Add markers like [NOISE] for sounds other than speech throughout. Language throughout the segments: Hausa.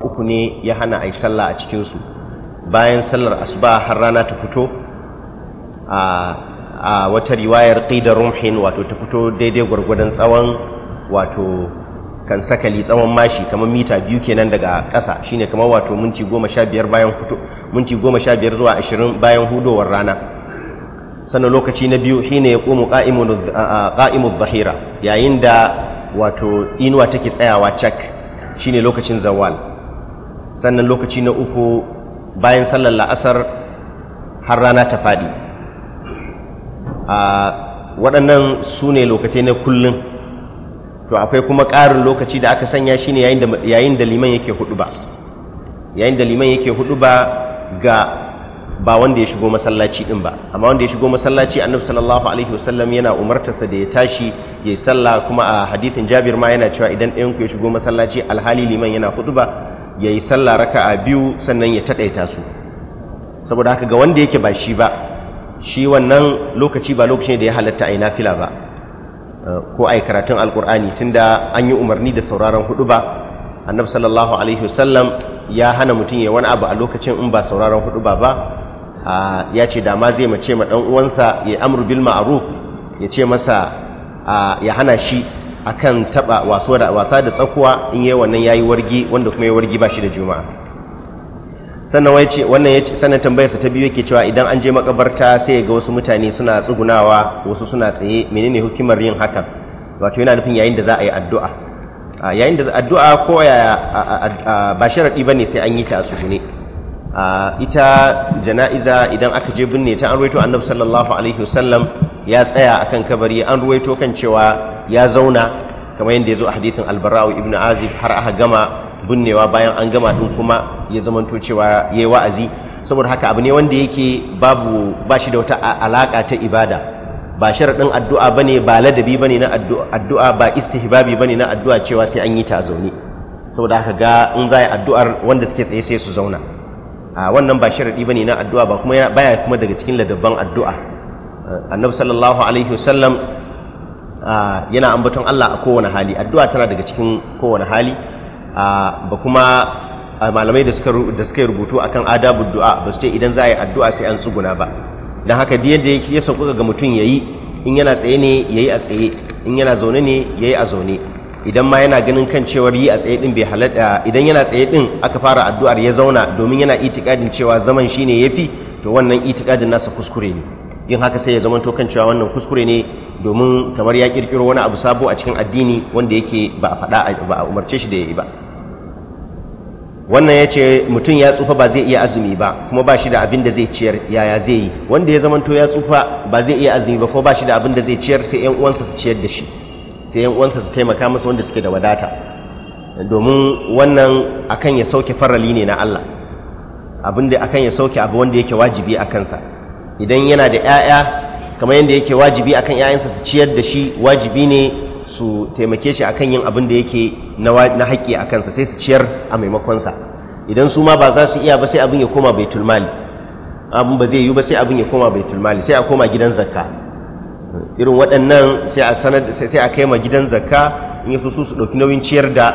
uku ne ya hana a yi sallah a cikinsu bayan sallar asuba har rana ta fito a wata riwayar ƙida rumhin wato ta fito daidai gwargwadon tsawon wato kan sakali tsawon mashi kamar mita biyu kenan daga ƙasa shine kamar wato minti goma sha biyar bayan minti goma sha biyar zuwa ashirin bayan hudowar rana sannan lokaci na biyu shine ya komo ƙa'imu zahira yayin da wato inuwa take tsayawa cak shine lokacin zawal sannan lokaci na uku bayan sallar la'asar har rana ta faɗi a waɗannan su ne lokacin na kullum to akwai kuma ƙarin lokaci da aka sanya shi ne yayin da liman yake hudu ba yayin da liman yake hudu ba ga ba wanda ya shigo masallaci din ba amma wanda ya shigo masallaci annabi sallallahu alaihi wasallam yana umartarsa da ya tashi ya yi sallah kuma a hadithin jabir ma yana cewa idan ɗayanku ya shigo masallaci alhali liman yana hudu ba ya yi sallah a biyu sannan ya taɗaita su saboda haka ga wanda yake ba shi ba shi wannan lokaci ba lokaci ne da ya halatta a yi nafila ba ko a yi karatun alkur'ani tunda an yi umarni da sauraron hudu ba annabi sallallahu alaihi wasallam ya hana mutum ya wani abu a lokacin in ba sauraron hudu ba ba ya ce da ma zai mace ma ɗan uwansa ya amru bil ma'ruf ya ce masa ya hana shi akan taba wasu da wasa da tsakuwa in yayi wannan yayi wargi wanda kuma yayi wargi ba shi da juma'a sannan wai ce wannan ya sannan tambayar sa ta biyu yake cewa idan an je makabarta sai ga wasu mutane suna tsugunawa wasu suna tsaye menene hukumar yin haka wato yana nufin yayin da za a yi addu'a yayin da addu'a ko ya ba sharadi bane sai an yi ta tsugune ita jana'iza idan aka je binne ta an ruwaito annabi sallallahu alaihi wasallam ya tsaya a kan kabari an ruwaito kan cewa ya zauna kamar yadda ya zo a hadithin albara'u ibn azib har aka gama binnewa bayan an gama din kuma ya zamanto cewa ya yi wa'azi saboda haka abu ne wanda yake babu ba shi da wata alaƙa ta ibada ba sharaɗin addu'a ba ne ba ladabi ba ne na addu'a ba istihbabi ba ne na addu'a cewa sai an yi ta zaune saboda haka ga in za a addu'ar wanda suke tsaye sai su zauna a wannan ba sharaɗi ba ne na addu'a ba kuma baya kuma daga cikin ladabban addu'a annabi sallallahu alaihi wasallam yana ambaton Allah a kowane hali addu'a tana daga cikin kowane hali ba kuma malamai da suka da suka rubutu akan adabud du'a ba su ce idan za a yi addu'a sai an tsuguna ba dan haka da yadda yake ya sauka ga mutum yayi in yana tsaye ne yayi a tsaye in yana zaune ne yayi a zaune idan ma yana ganin kan cewar yi a tsaye din bai halatta idan yana tsaye din aka fara addu'ar ya zauna domin yana itikadin cewa zaman shine yafi to wannan itikadin nasa kuskure ne yin haka sai ya zama to kan cewa wannan kuskure ne domin kamar ya kirkiro wani abu sabo a cikin addini wanda yake ba a faɗa ba a umarce shi da ya yi ba wannan ya ce mutum ya tsufa ba zai iya azumi ba kuma ba shi da abin da zai ciyar yaya zai yi wanda ya zama to ya tsufa ba zai iya azumi ba kuma ba shi da abin da zai ciyar sai yan uwansa su ciyar da shi sai yan uwansa su taimaka masa wanda suke da wadata domin wannan akan ya sauke farali ne na Allah abin da akan ya sauke abu wanda yake wajibi a kansa idan yana da 'ya'ya kamar yadda yake wajibi akan 'ya'yansa su ciyar da shi wajibi ne su taimake shi akan yin abin da yake na haƙƙi a kansa sai su ciyar a maimakonsa idan su ma ba za su iya ba sai abin ya koma baitul mali abin ba zai yi ba sai abin ya koma baitul mali sai a koma gidan zakka irin waɗannan sai a sanar sai a kai ma gidan zakka in yaso su su ɗauki nauyin ciyar da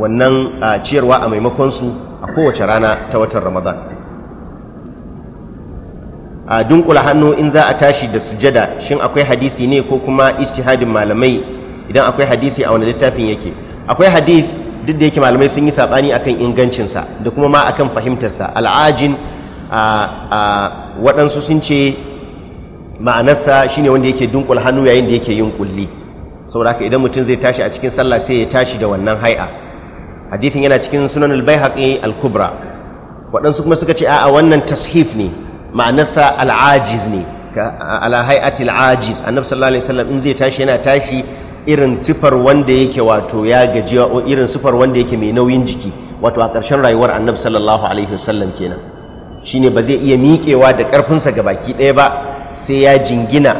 wannan ciyarwa a maimakonsu a kowace rana ta watan ramadan a dunkula hannu in za a tashi da sujada shin akwai hadisi ne ko kuma ijtihadin malamai idan akwai hadisi a wani littafin yake akwai hadith duk da yake malamai sun yi sabani akan ingancinsa da kuma ma akan fahimtarsa al'ajin a waɗansu sun ce ma'anarsa shine wanda yake dunkula hannu yayin da yake yin kulli saboda haka idan mutum zai tashi a cikin sallah sai ya tashi da wannan hai'a hadithin yana cikin sunan al-baihaqi al-kubra waɗansu kuma suka ce a'a wannan tashif ne ma'anarsa al'ajiz ne ala hay'atil al'ajiz annabi sallallahu alaihi wasallam in zai tashi yana tashi irin sifar wanda yake wato ya gaji irin sifar wanda yake mai nauyin jiki wato a ƙarshen rayuwar annabi sallallahu alaihi wasallam kenan shine ba zai iya miƙewa da ƙarfinsa ga baki ɗaya ba sai ya jingina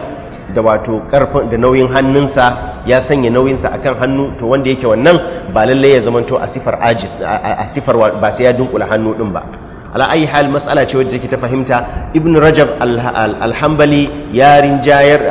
da wato ƙarfin da nauyin hannunsa ya sanya nauyinsa akan hannu to wanda yake wannan ba lallai ya zamanto a sifar ajiz a sifar ba sai ya dunkula hannu din ba ala ayi hal mas'ala ce wadda take ta fahimta ibn rajab alhambali ya rinjayar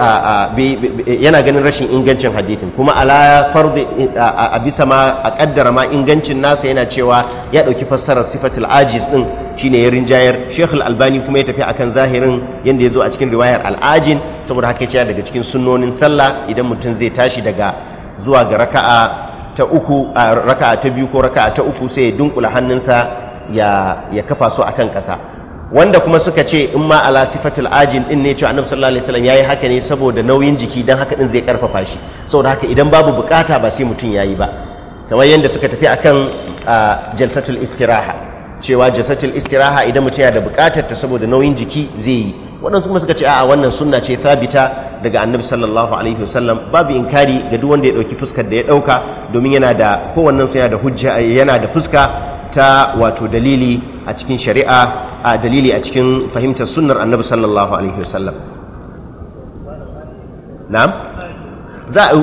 yana ganin rashin ingancin hadithin kuma ala fardu a bisa ma a kaddara ma ingancin nasa yana cewa ya dauki fassarar sifatul ajiz din shine ya rinjayar sheikh albani kuma ya tafi akan zahirin yadda ya zo a cikin riwayar al'ajin saboda haka ya daga cikin sunnonin sallah idan mutum zai tashi daga zuwa ga raka'a ta uku raka'a ta biyu ko raka'a ta uku sai ya dunkula hannunsa ya kafa su akan ƙasa wanda kuma suka ce in ma ala sifatul ajil din ne cewa annabi sallallahu alaihi wasallam yayi haka ne saboda nauyin jiki dan haka din zai karfafa shi saboda haka idan babu bukata ba sai mutum yayi ba kamar yadda suka tafi akan jalsatul istiraha cewa jalsatul istiraha idan mutum yana da bukatar ta saboda nauyin jiki zai yi waɗansu kuma suka ce a'a wannan sunna ce sabita daga annabi sallallahu alaihi wasallam babu inkari ga duk wanda ya dauki fuskar da ya ɗauka domin yana da kowannen su yana da hujja yana da fuska ta wato dalili a cikin shari'a a dalili a cikin fahimtar sunnar annabi sallallahu alaihi wasallam na'am za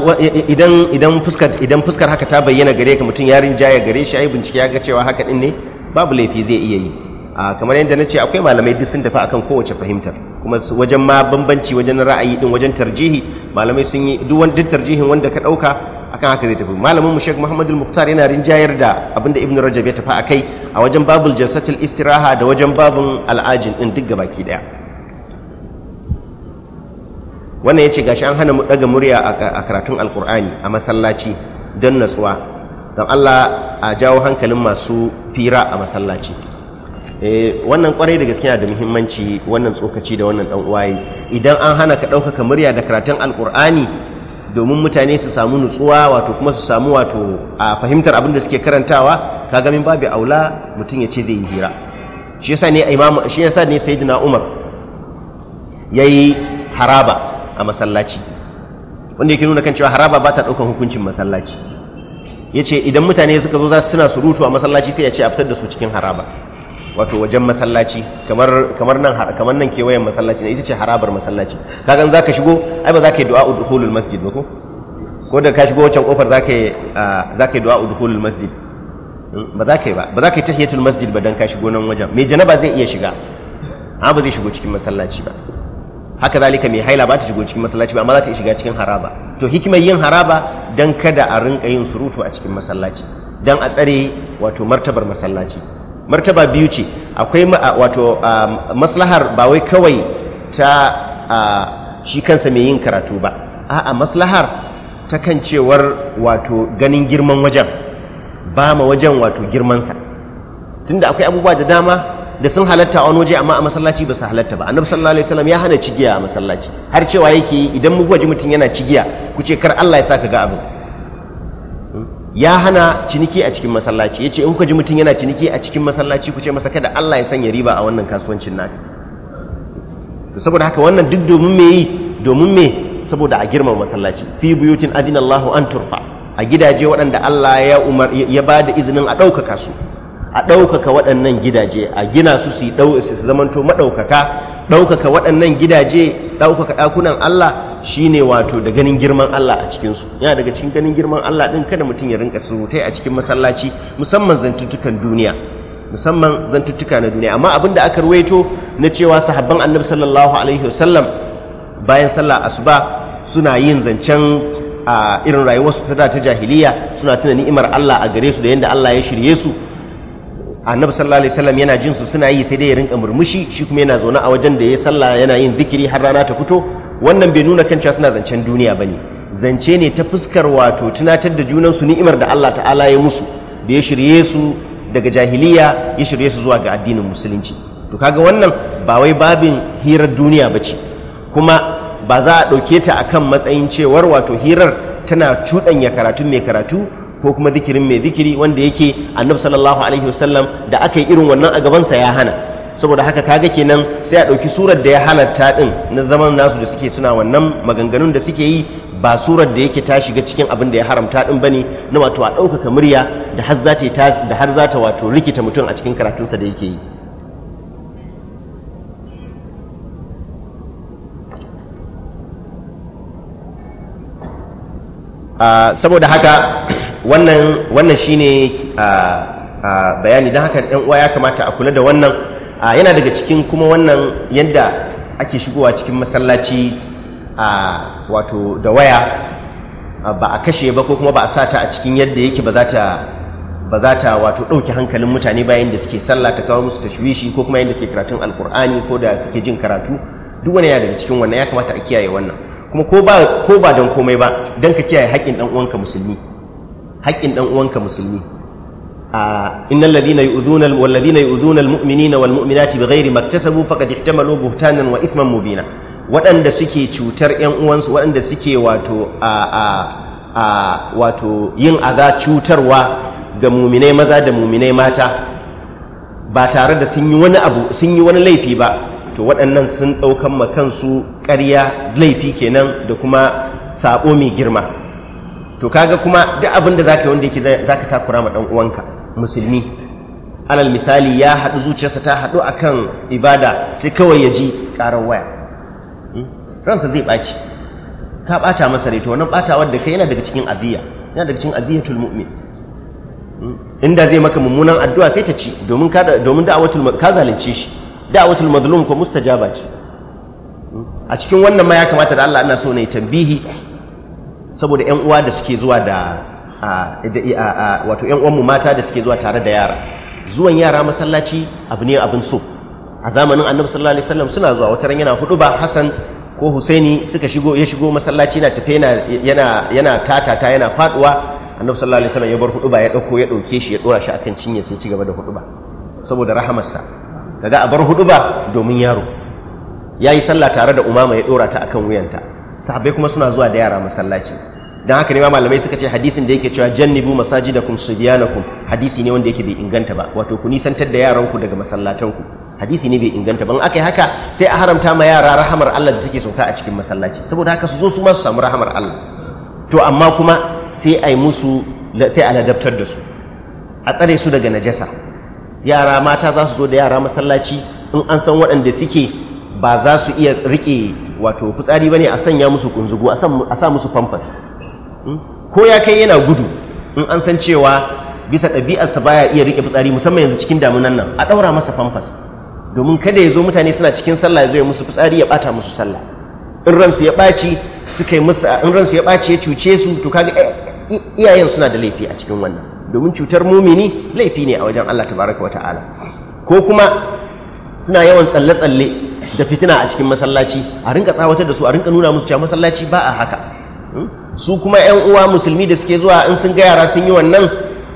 idan idan fuskar idan fuskar haka ta bayyana gare ka mutum yarin jaya gare shi ai bincike ya ga cewa haka din ne babu laifi zai iya yi a kamar yadda na ce akwai malamai duk sun tafi akan kowace fahimtar kuma wajen ma bambanci wajen ra'ayi din wajen tarjihi malamai sun yi duk tarjihin wanda ka ɗauka akan haka zai tafi malamin mu Sheikh Muhammadul al-Muqtar yana rinjayar da abinda Ibn Rajab ya tafi akai a wajen babul jalsatul istiraha da wajen babun al'ajin din duk gabaki daya wannan yace gashi an hana mu daga murya a karatun alqur'ani a masallaci don natsuwa don Allah a jawo hankalin masu fira a masallaci eh, wannan kwarai da gaskiya da muhimmanci wannan tsokaci da wannan dan uwaye idan an hana ka ɗaukaka murya da karatun alqur'ani domin mutane su samu nutsuwa wato kuma su samu wato a fahimtar abin da suke karantawa kaga min babu aula mutum ya ce zai yi hira shi yasa ne imam shi yasa ne sayyidina umar yayi haraba a masallaci wanda yake nuna kan cewa haraba ba ta daukan hukuncin masallaci ce idan mutane suka zo za su suna surutu a masallaci sai ya ce a fitar da su cikin haraba wato wajen masallaci kamar kamar nan kamar nan kewayen masallaci ne ita ce harabar masallaci kagan zaka shigo ai ba zaka yi du'a udkhulul masjid ba ko ko da ka shigo wancan kofar zaka yi zaka yi du'a udkhulul masjid hmm, ba za ka yi ba ba za ka yi tahiyatul masjid ba dan ka shigo nan wajen mai janaba zai iya shiga ha ba zai shigo cikin masallaci ba haka zalika mai haila ba ta shigo cikin masallaci ba amma za ta shiga cikin haraba to hikimar yin haraba dan kada a rinka yin surutu a cikin masallaci dan a tsare wato martabar masallaci martaba biyu ce akwai wato maslahar ba wai kawai ta shi kansa mai yin karatu ba a'a maslahar ta kan cewar wato ganin girman wajen ba ma wajen wato girmansa tunda akwai abubuwa da dama da sun halatta wani waje amma a masallaci ba su halatta ba annabi sallallahu alaihi wasallam ya hana cigiya a masallaci har cewa yake idan mu gwaji mutum yana cigiya ku ce kar Allah ya saka ga abin ya hana ciniki a cikin masallaci yace in kuka ji mutum yana ciniki a cikin masallaci ku ce masa kada Allah ya sanya riba a wannan kasuwancin naka to saboda haka wannan duk domin me yi domin me saboda a girmama masallaci fi buyutin adinallahu an turfa a gidaje waɗanda Allah ya umar ya bada izinin a ɗaukaka su a ɗaukaka waɗannan gidaje a gina su su zamanto maɗaukaka ɗaukaka waɗannan gidaje ɗaukaka ɗakunan Allah shi ne wato da ganin girman Allah a cikinsu yana daga cikin ganin girman Allah ɗin kada mutum ya rinka surutai a cikin masallaci musamman zantuttukan duniya musamman zantuttuka na duniya amma abin da aka ruwaito na cewa sahabban annabi sallallahu alaihi wasallam bayan sallah asuba suna yin zancen a irin rayuwarsu ta da ta jahiliya suna tuna ni'imar Allah a gare su da yadda Allah ya shirye su annabi sallallahu alaihi wasallam yana jin su suna yi sai dai ya rinka murmushi shi kuma yana zaune a wajen da ya sallah yana yin zikiri har rana ta fito wannan bai nuna kan cewa suna zancen duniya bane zance ne ta fuskar wato tunatar da junan su ni'imar da Allah ta'ala ya musu da ya shirye su daga jahiliya ya shirye su zuwa ga addinin musulunci to kaga wannan ba wai babin hirar duniya bace kuma ba za a ɗauke ta akan matsayin cewar wato hirar tana cuɗanya karatun mai karatu ko kuma zikirin mai zikiri wanda yake annabi sallallahu alaihi wasallam da aka yi irin wannan a gabansa ya hana saboda haka kaga kenan sai a ɗauki surar da ya halatta ɗin na zaman nasu da suke suna wannan maganganun da suke yi ba surar da yake ta shiga cikin abin da ya haramta ɗin bane na wato a ɗaukaka murya da har za ta da har za wato rikita mutum a cikin karatunsa da yake yi ah, saboda haka wannan wannan shine bayani don haka ɗan uwa ya kamata a kula da wannan yana daga cikin kuma wannan yadda ake shigowa cikin masallaci wato da waya ba a kashe ba ko kuma ba a sata a cikin yadda yake ba za ta ba za ta wato ɗauki hankalin mutane bayan da suke sallah ta kawo musu tashwishi ko kuma yadda suke karatun alkur'ani ko da suke jin karatu duk wani yana daga cikin wannan ya kamata a kiyaye wannan kuma ko ba don komai ba don ka kiyaye haƙƙin ɗan uwanka musulmi haƙƙin ɗan uwanka musulmi إن الذين يؤذون والذين يؤذون المؤمنين والمؤمنات بغير ما اكتسبوا فقد احتملوا بهتانا مبينا cutarwa ga muminai maza da muminai mata ba tare da sun yi wani abu sun yi wani laifi ba to waɗannan sun ɗaukan ma kansu ƙarya laifi kenan da kuma saɓo mai girma to kaga kuma duk abin da zaka yi wanda yake zaka takura ma dan uwanka musulmi alal misali ya haɗu zuciyarsa ta haɗu akan ibada sai kawai ya ji ƙarar waya hmm? ransa zai ɓaci ka ɓata masa rai to wannan ɓatawar da kai yana daga cikin aziya yana daga cikin aziyatul mu'min hmm? inda zai maka mummunan addu'a sai ta ci domin ka domin da'awatul ka zalunce shi da'awatul mazlum ko mustajaba ce hmm? a cikin wannan ma ya kamata da Allah ina so ne tambihi saboda yan uwa da suke zuwa da wato yan uwanmu mata da suke zuwa tare da yara zuwan yara masallaci abu ne abin so a zamanin annabi sallallahu alaihi wasallam suna zuwa wata ran yana hudu ba hasan ko husaini suka shigo ya shigo masallaci na tafe yana yana tatata yana faduwa annabi sallallahu alaihi wasallam ya bar hudu ba ya dauko ya dauke shi ya dora shi akan cinye sai ci gaba da hudu ba saboda rahamarsa kaga a bar hudu ba domin yaro yayi sallah tare da umama ya dora ta akan wuyanta sahabbai kuma suna zuwa da yara masallaci don haka ne ma malamai suka ce hadisin da yake cewa jannibu masajidakum subyanakum hadisi ne wanda yake bai inganta ba wato ku nisantar da yaranku daga masallatanku hadisi ne bai inganta ba in aka yi haka sai a haramta ma yara rahamar Allah da take sauka a cikin masallaci saboda haka su zo su ma su samu rahamar Allah to amma kuma sai a yi musu sai a ladabtar da su a tsare su daga najasa yara mata za su zo da yara masallaci in an san waɗanda suke ba za su iya rike wato fitsari ne a sanya musu kunzugu a sa musu famfas hmm? ko ya kai yana gudu in an san cewa bisa ɗabi'arsa baya iya rike fitsari musamman yanzu cikin damunan nan a ɗaura masa famfas domin kada ya zo mutane suna cikin sallah ya zo ya musu fitsari ya ɓata musu sallah in ransu ya ɓaci suka yi musu in ransu ya ɓaci ya cuce su to kaga eh, iyayen suna da laifi a cikin wannan domin cutar mumini laifi ne a wajen Allah tabaraka wata'ala ko kuma suna yawan tsalle-tsalle da fitina a cikin masallaci a rinka tsawatar da su a rinka nuna musu cewa masallaci ba a haka hmm? su kuma yan uwa musulmi da suke zuwa in sun ga yara sun yi wannan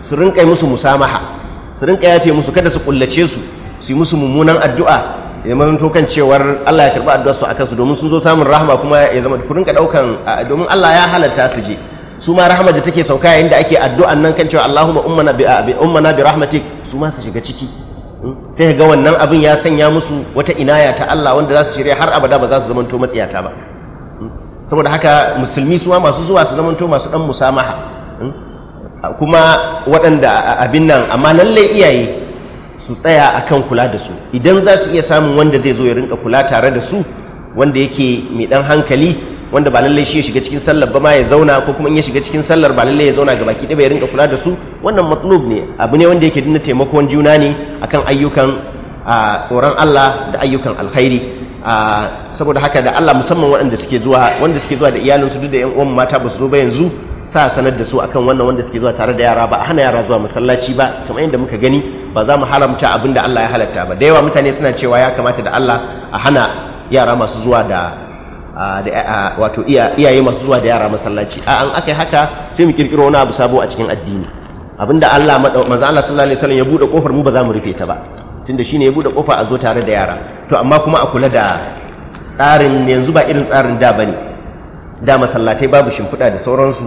su rinka yi musu musamaha su rinka yafe musu kada su kullace su su yi musu mummunan addu'a ya manto kan cewar Allah ya karba addu'ar su akan su domin sun zo samun rahama kuma ya zama ku rinka daukan domin Allah ya halatta su je su ma rahama da take sauka yayin da ake addu'an nan kan cewa Allahumma ummana bi ummana bi rahmatik su ma su shiga ciki sai ga wannan abin ya sanya musu wata inaya ta Allah wanda za su shirya har abada ba za su zamanto matsiyata ba hmm? saboda haka musulmi suwa masu zuwa su zamanto masu dan musamaha hmm? kuma waɗanda abin nan amma lallai iyaye su tsaya akan kula da su idan za su iya samun wanda zai zo ya rinka kula tare da su wanda yake mai dan hankali wanda ba lallai shi ya shiga cikin sallar ba ma ya zauna ko kuma in ya shiga cikin sallar ba lallai ya zauna ga baki ɗaya ya rinka kula da su wannan matlub ne abu ne wanda yake dinna taimakon juna ne akan ayyukan tsoron Allah da ayyukan alkhairi saboda haka da Allah musamman waɗanda suke zuwa wanda suke zuwa da iyalinsu duk da ƴan uwan mata ba su zo ba yanzu sa sanar da su akan wannan wanda suke zuwa tare da yara ba a hana yara zuwa masallaci ba kamar yadda muka gani ba za mu haramta abin da Allah ya halatta ba da yawa mutane suna cewa ya kamata da Allah a hana yara masu zuwa da da wato iyaye masu zuwa da yara masallaci a an aka haka sai mu kirkiro wani abu sabo a cikin addini abinda Allah manzo Allah sallallahu alaihi wasallam ya bude kofar mu ba za mu rufe ta ba tunda shine ya bude kofa a zo tare da yara to amma kuma a kula da tsarin yanzu ba irin tsarin da bane da masallatai babu shimfiɗa da sauransu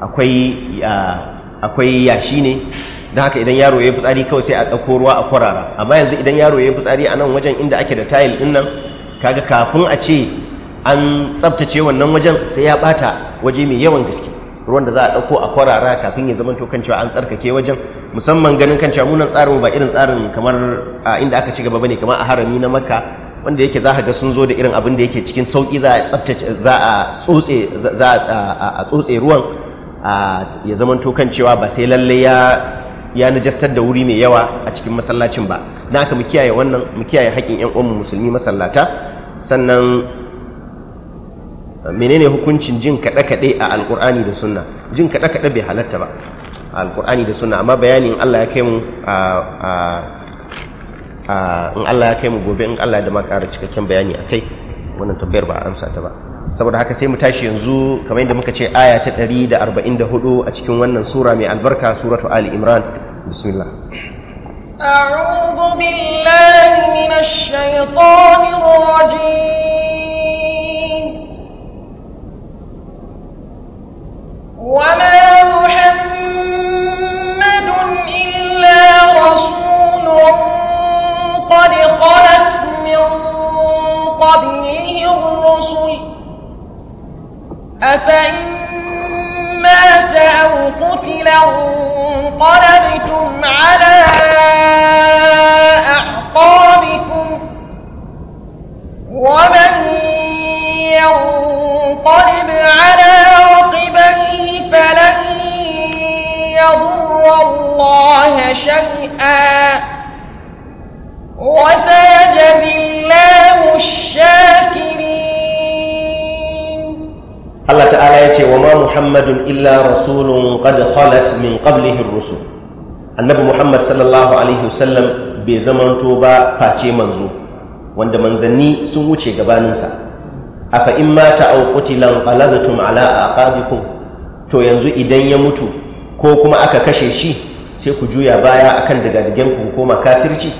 akwai akwai yashi ne don haka idan yaro ya yi fitsari kawai sai a ɗauko ruwa a kwarara amma yanzu idan yaro ya yi fitsari a nan wajen inda ake da tayil ɗin nan kaga kafin a ce an tsabtace wannan wajen sai ya bata waje mai yawan gaske ruwan da za a ɗauko a kwarara kafin ya zama kan cewa an tsarkake wajen musamman ganin kan cewa munan tsarin ba irin tsarin kamar a inda aka ci gaba bane kamar a harami na makka wanda yake za ka ga sun zo da irin abin da yake cikin sauki za a tsabtace za a tsotse za a tsotse ruwan ya zama kan cewa ba sai lalle ya ya najastar da wuri mai yawa a cikin masallacin ba na aka mu kiyaye wannan mu kiyaye haƙƙin ƴan uwan musulmi masallata sannan menene hukuncin jin kaɗe-kaɗe a alkur'ani da sunna jin kaɗe-kaɗe bai halatta ba a alkur'ani da sunna amma bayanin allah ya kai mu in allah ya kai mu gobe in allah da ma ƙara cikakken bayani a kai wannan tambayar ba a amsa ta ba saboda haka sai mu tashi yanzu kamar yadda muka ce aya ta 144 a cikin wannan sura mai albarka suratu ali imran bismillah أعوذ بالله من الشيطان الرجيم وما محمد إلا رسول قد خلت من قبله الرسل أفإن مات قتل انقلبتم على أعقابكم ومن ينقلب على الله شيئا وسيجزي الله الشاكرين الله تعالى يتي وما محمد إلا رسول قد خلت من قبله الرسل النبي محمد صلى الله عليه وسلم بزمن توبة فاتي منزو وند منزني سوچي غبانسا أفإما تأو قتلا انقلبتم على أعقابكم تو ينزو إذن يموتوا ko kuma aka kashe shi sai ku juya baya akan digadigen ku koma kafirci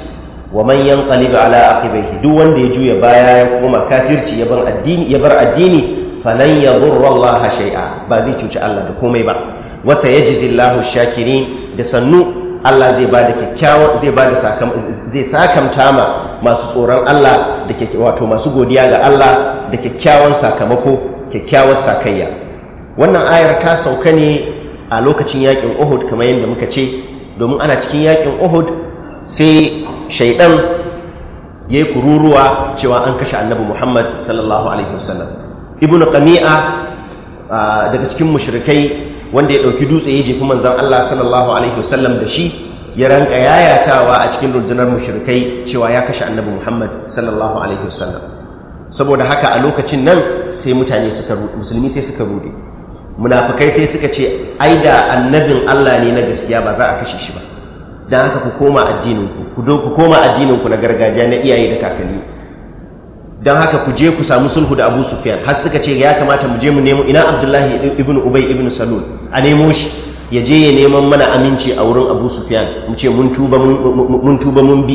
wa man yanqalib ala aqibaihi duk wanda ya juya baya ya koma kafirci ya bar addini ya bar addini falan yadhurra Allah shay'a ba zai cuci Allah da komai ba wa sayajzillahu shakirin da sannu Allah zai bada kyakkyawan zai bada sakam zai sakamta ma masu tsoron Allah da wato masu godiya ga Allah da kyakkyawan sakamako kyakkyawar sakayya wannan ayar ta sauka ne a lokacin yakin Uhud kamar yadda muka ce domin ana cikin yakin Uhud sai shaidan ya yi kururuwa cewa an kashe Annabi Muhammad sallallahu alaihi wasallam Ibn Qami'a daga cikin mushrikai wanda ya dauki dutse ya jefi manzan Allah sallallahu alaihi wasallam da shi ya ranka yayatawa a cikin rundunar mushrikai cewa ya kashe Annabi Muhammad sallallahu alaihi wasallam saboda haka a lokacin nan sai mutane suka musulmi sai suka rude Munafukai sai suka ce ai da annabin Allah ne na gaskiya ba za a kashe shi ba don haka ku koma addininku ku ku koma addininku na gargajiya na iyaye da kakanni don haka ku je ku samu sulhu da Abu Sufyan har suka ce ya kamata mu je mu nemo ina Abdullahi ibn Ubay ibn Salul a nemo shi ya je ya neman mana aminci a wurin Abu Sufyan mu ce mun tuba mun tuba mun bi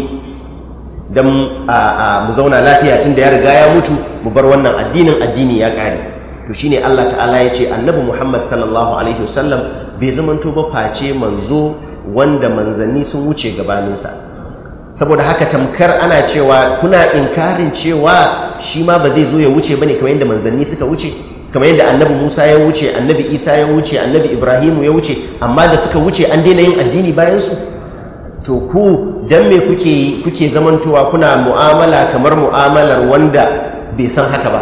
dan mu zauna lafiya tun da ya riga ya mutu mu bar wannan addinin addini ya kare to shine Allah ta'ala ya ce annabi Muhammad sallallahu alaihi wasallam bai zamanto ba face manzo wanda manzanni sun wuce gabaninsa saboda haka tamkar ana cewa kuna inkarin cewa shi ma ba zai zo ya wuce bane kamar yadda manzanni suka wuce kamar yadda annabi Musa ya wuce annabi Isa ya wuce annabi Ibrahim ya wuce amma da suka wuce an daina yin addini bayan su to ku dan me kuke kuke zamantowa kuna mu'amala kamar mu'amalar wanda bai san haka ba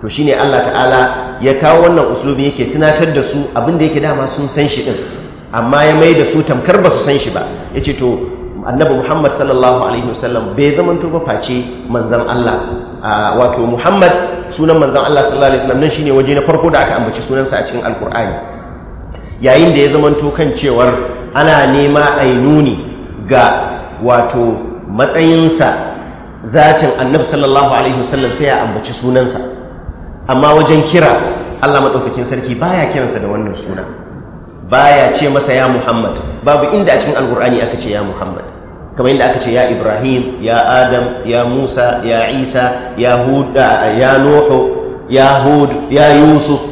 to shine Allah ta'ala ya kawo wannan uslubi yake tunatar da su abin da yake dama sun san shi din amma ya mai da su tamkar ba su san shi ba ce to annabi Muhammad sallallahu alaihi wasallam bai zama to ba face manzan Allah wato Muhammad sunan manzan Allah sallallahu alaihi wasallam nan shine waje na farko da aka ambaci sunansa a cikin alkur'ani yayin da ya zaman to kan cewar ana nema ainuni ga wato matsayinsa zatin annabi sallallahu alaihi wasallam sai ya ambaci sunansa amma wajen kira Allah maɗaukakin sarki baya kiransa da wannan suna baya ce masa ya Muhammad babu inda a cikin alkur'ani aka ce ya Muhammad kamar inda aka ce ya Ibrahim ya Adam ya Musa ya Isa ya Huda ya Nuhu ya Hud ya Yusuf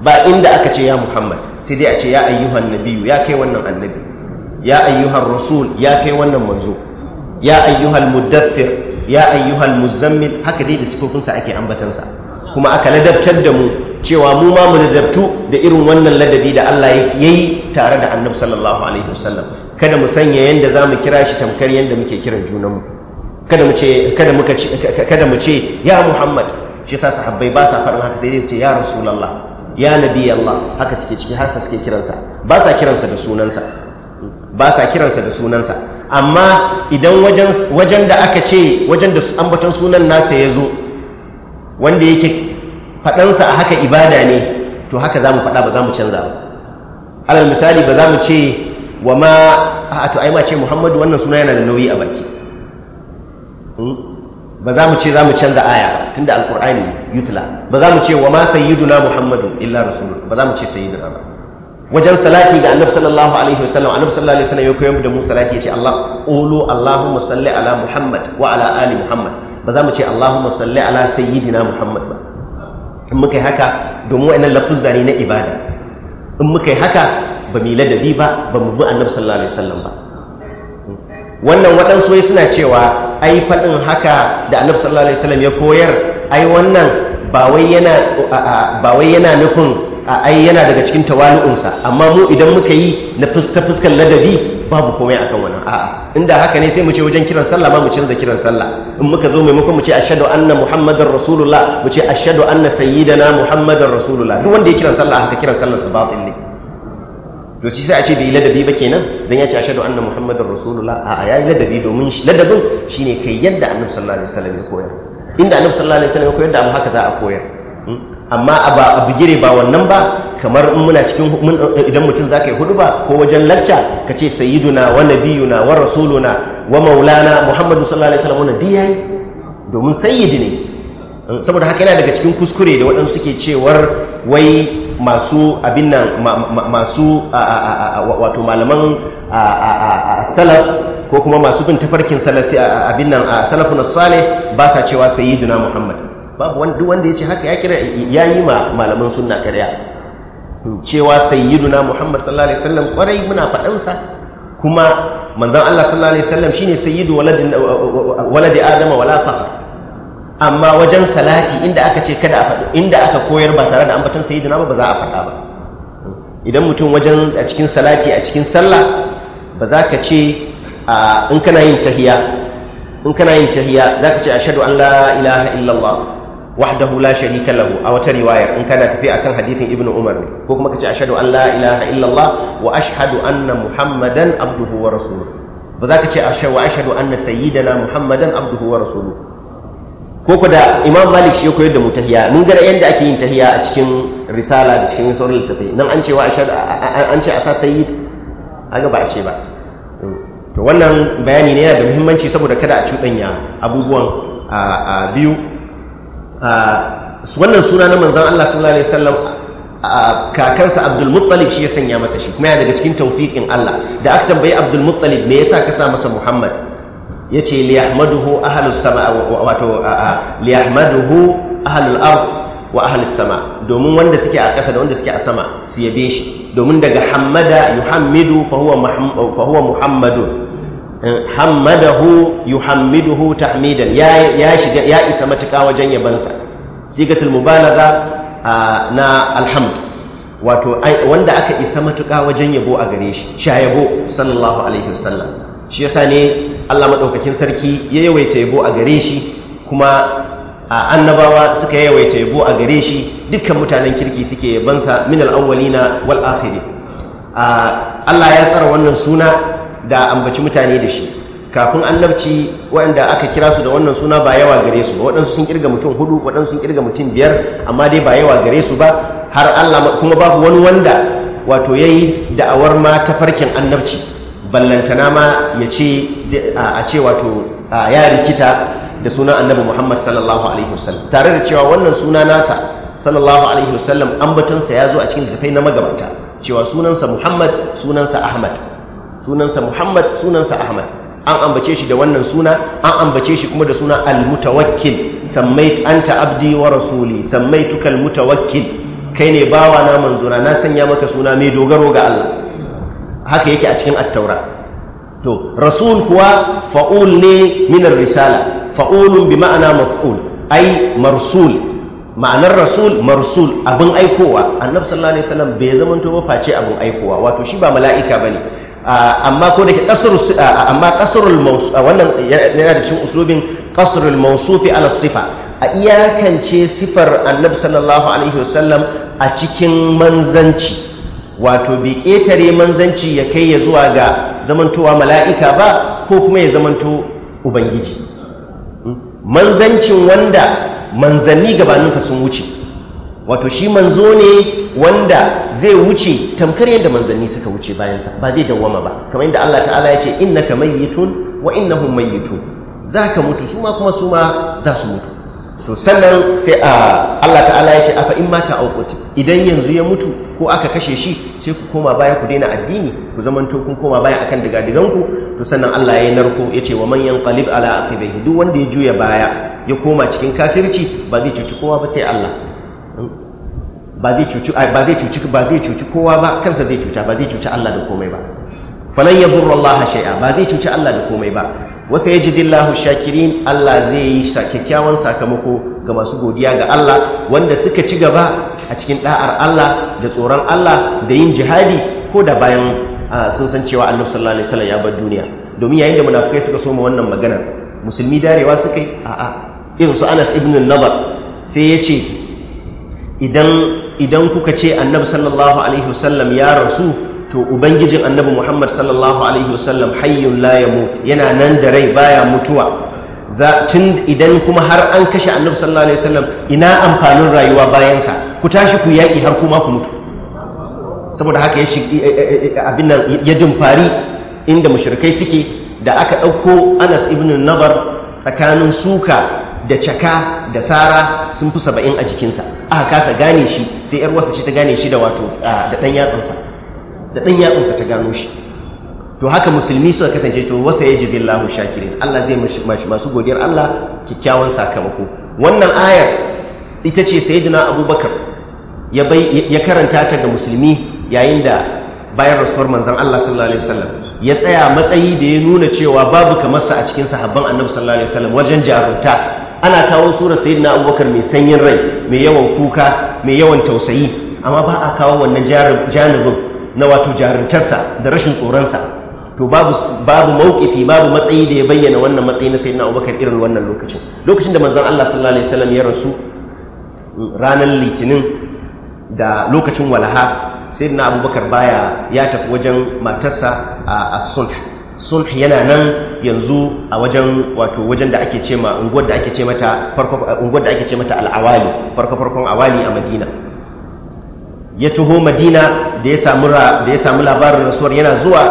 ba inda aka ce ya Muhammad sai dai a ce ya ayyuhan nabiyyu ya kai wannan annabi ya ayyuhan rasul ya kai wannan manzo ya ayyuhal mudaffir ya ayyuhal muzammil haka dai da sifofinsa ake ambatansa kuma aka ladabtar da mu cewa mu ma mu ladabtu da irin wannan ladabi da Allah ya yi tare da annabi sallallahu alaihi wasallam kada mu sanya yanda za mu kira shi tamkar yanda muke kiran junanmu kada mu ce kada muka ce kada mu ce ya muhammad shi sa sahabbai ba sa faɗin haka sai dai su ce ya rasulullah ya nabi allah haka suke ciki haka suke kiransa ba sa kiransa da sunansa ba sa kiransa da sunansa amma idan wajen da aka ce wajen da ambaton sunan nasa ya zo wanda yake faɗansa a haka ibada ne to haka za mu faɗa ba za mu canza ba alal misali ba za mu ce wa ma a to ai ma ce muhammadu wannan suna yana da nauyi a baki hmm? ba za mu ce za mu canza aya tunda alkur'ani yutla ba za mu ce wa ma sayyiduna muhammadu illa rasulun ba za mu ce sayyiduna ba wajen salati ga annabi sallallahu alaihi wasallam annabi sallallahu alaihi wasallam ya koyar da mu salati ya ce Allah qulu allahumma salli ala muhammad wa ala ali muhammad ba za mu ce Allahumma salli ala sayyidina Muhammad ba in muka yi haka domin wa'annan lafuzza ne na ibada in muka yi haka ba mu yi ladabi ba ba mu bi annabi sallallahu alaihi wasallam ba wannan waɗansu wai suna cewa ai faɗin haka da annabi sallallahu alaihi wasallam ya koyar ai wannan ba wai yana ba wai yana nufin ai yana daga cikin tawalu'unsa amma mu idan muka yi na ta fuskar ladabi babu komai akan wannan a'a inda haka ne sai mu ce wajen kiran sallah ma mu canza kiran sallah in muka zo maimakon mu ce ashhadu anna muhammadar rasulullah mu ce ashhadu anna sayyidana muhammadar rasulullah duk wanda ya kiran sallah haka kiran sallar su batil ne to shi sai a ce bai ladabi ba kenan dan ya ce ashhadu anna muhammadar rasulullah a'a yayi ladabi domin ladabin shine kai yadda annabi sallallahu alaihi wasallam ya koyar inda annabi sallallahu alaihi wasallam ya koyar da abu haka za a koyar hmm? amma a bigire ba wannan ba kamar in muna cikin eh, idan mutum za ka yi hudu ba ko wajen lacca ka ce sayyiduna wa nabiyuna wa rasuluna wa maulana muhammadu sallallahu alaihi wasallam wannan yayi domin sayyidi ne eh, saboda haka yana daga cikin kuskure da waɗansu suke cewar wai masu abin nan masu wato malaman salaf ko kuma masu bin tafarkin salafi abin nan salafun salih ba sa cewa sayyiduna muhammad babu duk wanda yace haka ya kira yayi ma malaman sunna karya cewa sayyiduna Muhammad sallallahu alaihi wasallam kwarai muna faɗan sa kuma manzon Allah sallallahu alaihi wasallam shine sayyidu waladin waladi adama wala fakhar amma wajen salati inda aka ce kada a faɗi inda aka koyar ba tare da ambaton sayyiduna ba ba za a faɗa ba idan mutum wajen a cikin salati a cikin sallah ba za ka ce in kana yin tahiya in kana yin tahiya za ka ce ashadu an la ilaha illallah wahdahu la sharika lahu a wata riwayar in kana tafi akan hadithin ibnu umar ne ko kuma kace ashhadu an la ilaha illallah wa ashhadu anna muhammadan abduhu wa rasuluhu ba za ka ce ashhadu wa ashhadu anna sayyidana muhammadan abduhu wa rasuluhu ko ko da imam malik shi ya koyar da mu tafiya mun ga yanda ake yin tafiya a cikin risala da cikin sauran littafai nan an ce wa ashhadu an ce ba a ce ba to wannan bayani ne yana da muhimmanci saboda kada a cuɗanya abubuwan a biyu wannan suna na manzan Allah sallallahu alaihi wasallam kakansa Abdul shi ya sanya masa shi kuma yana daga cikin tawfiqin Allah da aka tambayi abdulmuttalib me yasa ka sa masa Muhammad Ya ce liyahmaduhu ahalus sama wato li ard wa ahalus sama domin wanda suke a ƙasa da wanda suke a sama su yabe shi domin daga hamada yuhammidu muhammadun hammadahu yuhammiduhu tahmidan ya ya shiga ya isa matuƙa wajen yabansa sigatul mubalagha na alhamd wato wanda aka isa matuƙa wajen yabo a gare shi sha yabo sallallahu alaihi wasallam shi yasa ne Allah madaukakin sarki ya yawaita yabo a gare shi kuma annabawa suka yawaita yabo a gare shi dukkan mutanen kirki suke yabansa min al-awwalina wal akhirin Allah ya tsara wannan suna da ambaci mutane da shi kafin annabci waɗanda aka kira su da wannan suna ba yawa gare su ba waɗansu sun kirga mutum hudu waɗansu sun kirga mutum biyar amma dai ba yawa gare su ba har Allah kuma babu wani wanda wato yayi da'awar ma ta farkin annabci ballantana ma ya ce a ce wato ya rikita da sunan annabi Muhammad sallallahu alaihi wasallam tare da cewa wannan suna nasa sallallahu alaihi wasallam ambatonsa ya zo a cikin littafai na magabata cewa sunansa Muhammad sunansa Ahmad sunansa muhammad sunansa ahmad an ambace shi da wannan suna an ambace shi kuma da suna al-mutawakkil sammait anta abdi wa rasuli sammaituka al-mutawakkil kai ne bawa na manzura na sanya maka suna mai dogaro ga Allah haka yake a cikin at-taura to rasul kuwa fa'ul ne min ar-risala fa'ulun bi ma'ana maf'ul ai marsul ma'anar rasul marsul abin aikowa annabi sallallahu alaihi wasallam bai zamanto ba face abin aikowa wato shi ba mala'ika bane amma ko da ke kasar amma kasar wannan yana da cikin uslubin kasar mausufi ala sifa a iyakance sifar annabi sallallahu alaihi wasallam a cikin manzanci wato bai ƙetare manzanci ya kai ya zuwa ga zamantowa mala'ika ba ko kuma ya zamanto ubangiji manzancin wanda manzanni gabaninsa sun wuce wato shi manzo ne wanda zai wuce tamkar yadda manzanni suka wuce bayansa ba zai dawwama ba kamar yadda Allah ta'ala ya ce innaka mayyitun wa innahum mayyitun zaka mutu suma kuma suma za su mutu to sannan sai a Allah ta'ala ya ce afa in mata aukuti. idan yanzu ya mutu ko aka kashe shi sai ku koma baya ku daina addini ku zamanto kun koma baya akan digadigan ku to sannan Allah ya narko ya ce wa man yanqalib ala aqibihi duk wanda ya juya baya ya koma cikin kafirci ba zai cuci kowa ba sai Allah ba zai cuci ba zai cuci ba zai cuci kowa ba kansa zai cuta ba zai cuci Allah da komai ba falan yadurru Allah shay'a ba zai cuci Allah da komai ba wasa yajzillahu shakirin Allah zai yi kyakkyawan sakamako ga masu godiya ga Allah wanda suka ci gaba a cikin da'ar Allah da tsoron Allah da yin jihadi ko da bayan sun san cewa Annabi sallallahu alaihi wasallam ya bar duniya domin yayin da munafikai suka mu wannan magana musulmi darewa suka a'a irin su Anas ibn Nadar sai ya ce idan idan kuka ce annabi sallallahu alaihi wasallam ya rasu to ubangijin annabi muhammad sallallahu alaihi wasallam hayyun la yamut yana nan da rai baya mutuwa tun idan kuma har an kashe annabi sallallahu alaihi wasallam ina amfanin rayuwa bayansa ku tashi ku yaki har kuma ku mutu saboda haka ya eh, eh, eh, abin nan ya dumfari inda mushrikai suke da aka ɗauko anas ibn nabar tsakanin suka da caka da sara sun fi saba'in a jikinsa aka kasa gane shi sai yar wasa ce ta gane shi da wato da ɗan yatsansa da ɗan yatsansa ta gano shi to haka musulmi suka kasance to wasa ya jizillahu shakirin Allah zai mashi masu godiyar Allah kyakkyawan sakamako wannan ayar ita ce sayyidina abubakar ya ya karanta ta ga musulmi yayin da bayan rasuwar manzon Allah sallallahu alaihi wasallam ya tsaya matsayi da ya nuna cewa babu kamar sa a cikin sahabban annabi sallallahu alaihi wasallam wajen jarunta ana kawo surar sayyidina abubakar mai sanyin rai mai yawan kuka mai yawan tausayi amma ba a kawo wannan janibin na wato jarumtarsa da rashin tsoronsa to babu mawukifi babu matsayi da ya bayyana wannan matsayi na sayyidina abubakar irin wannan lokacin lokacin da manzon Allah sallallahu alaihi ya rasu ranar litinin da lokacin walaha sayyidina abubakar baya ya tafi wajen matarsa a sulh sulh yana nan yanzu a wajen wato wajen da ake ce ma unguwar da ake ce mata farko unguwar da ake ce mata al-awali farko farkon awali a Madina ya taho Madina da ya samu da ya samu labarin rasuwar yana zuwa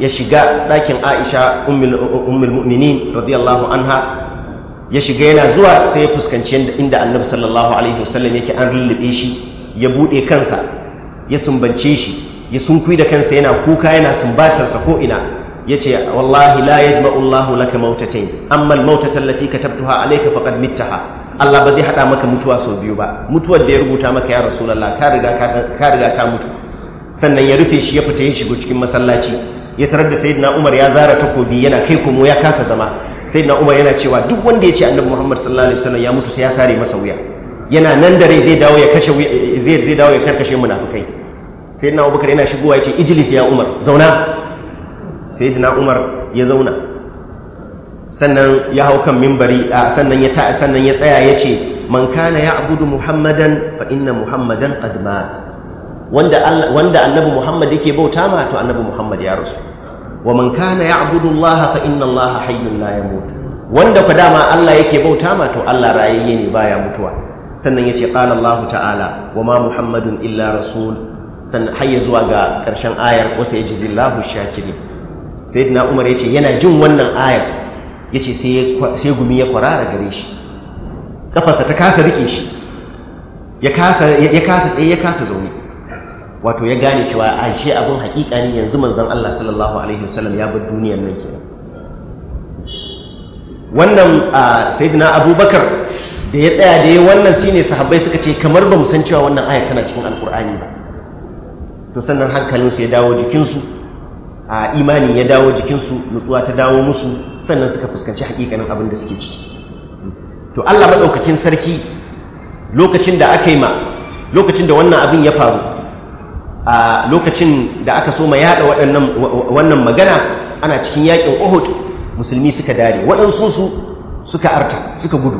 ya shiga ɗakin Aisha ummul ummul mu'minin radiyallahu anha ya shiga yana zuwa sai ya fuskanci inda Annabi sallallahu alaihi wasallam yake an lullube shi ya bude kansa ya sumbance shi ya sunkui da kansa yana kuka yana sumbatarsa ko ina yace wallahi la yajma'u Allahu laka mautatayn amma al-mautata allati katabtaha alayka faqad mittaha Allah ba zai hada maka mutuwa sau biyu ba mutuwar da ya rubuta maka ya rasu ka ka riga ka mutu sannan ya rufe shi ya fita ya shigo cikin masallaci ya tarar da sayyidina Umar ya zara takobi yana kai komo ya kasa zama sayyidina Umar yana cewa duk wanda ya ce annabi Muhammad sallallahu alaihi wasallam ya mutu sai ya sare masa wuya yana nan da rai zai dawo ya kashe zai dawo ya karkashe munafikai sayyidina Abubakar yana shigowa ya ce ijlis ya Umar zauna sayyidina umar ya zauna sannan ya hau kan mimbari sannan ya sannan ya tsaya ya ce man kana ya abudu muhammadan fa inna muhammadan qad wanda wanda annabi muhammad yake bauta ma to annabi muhammad ya rasu wa man kana ya abudu Allah fa inna allah hayyun la yamut wanda fa dama allah yake bauta ma to allah rayayye ne baya mutuwa sannan ya ce qala allah ta'ala wa ma muhammadun illa rasul sannan har zuwa ga ƙarshen ayar wasa yajzillahu shakirin sayyidina umar ya ce yana jin wannan ayar ya ce sai gumi ya kwarara gare shi kafarsa ta kasa rike shi ya kasa tsaye ya kasa zaune wato ya gane cewa a shi abin hakika ne yanzu manzan Allah sallallahu alaihi wasallam ya bar duniyar nan kenan wannan sayyidina abubakar da ya tsaya da ya wannan shine sahabbai suka ce kamar ba mu san cewa wannan ayar tana cikin alkur'ani ba to sannan hankalinsu ya dawo jikinsu a imani ya dawo jikinsu nutsuwa ta dawo musu sannan suka fuskanci hakikanin abin da suke ciki to Allah maɗaukakin sarki lokacin da aka yi ma lokacin da wannan abin ya faru a lokacin da aka so ma yaɗa wannan magana ana cikin yaƙin Uhud musulmi suka dare waɗansu su suka arta suka gudu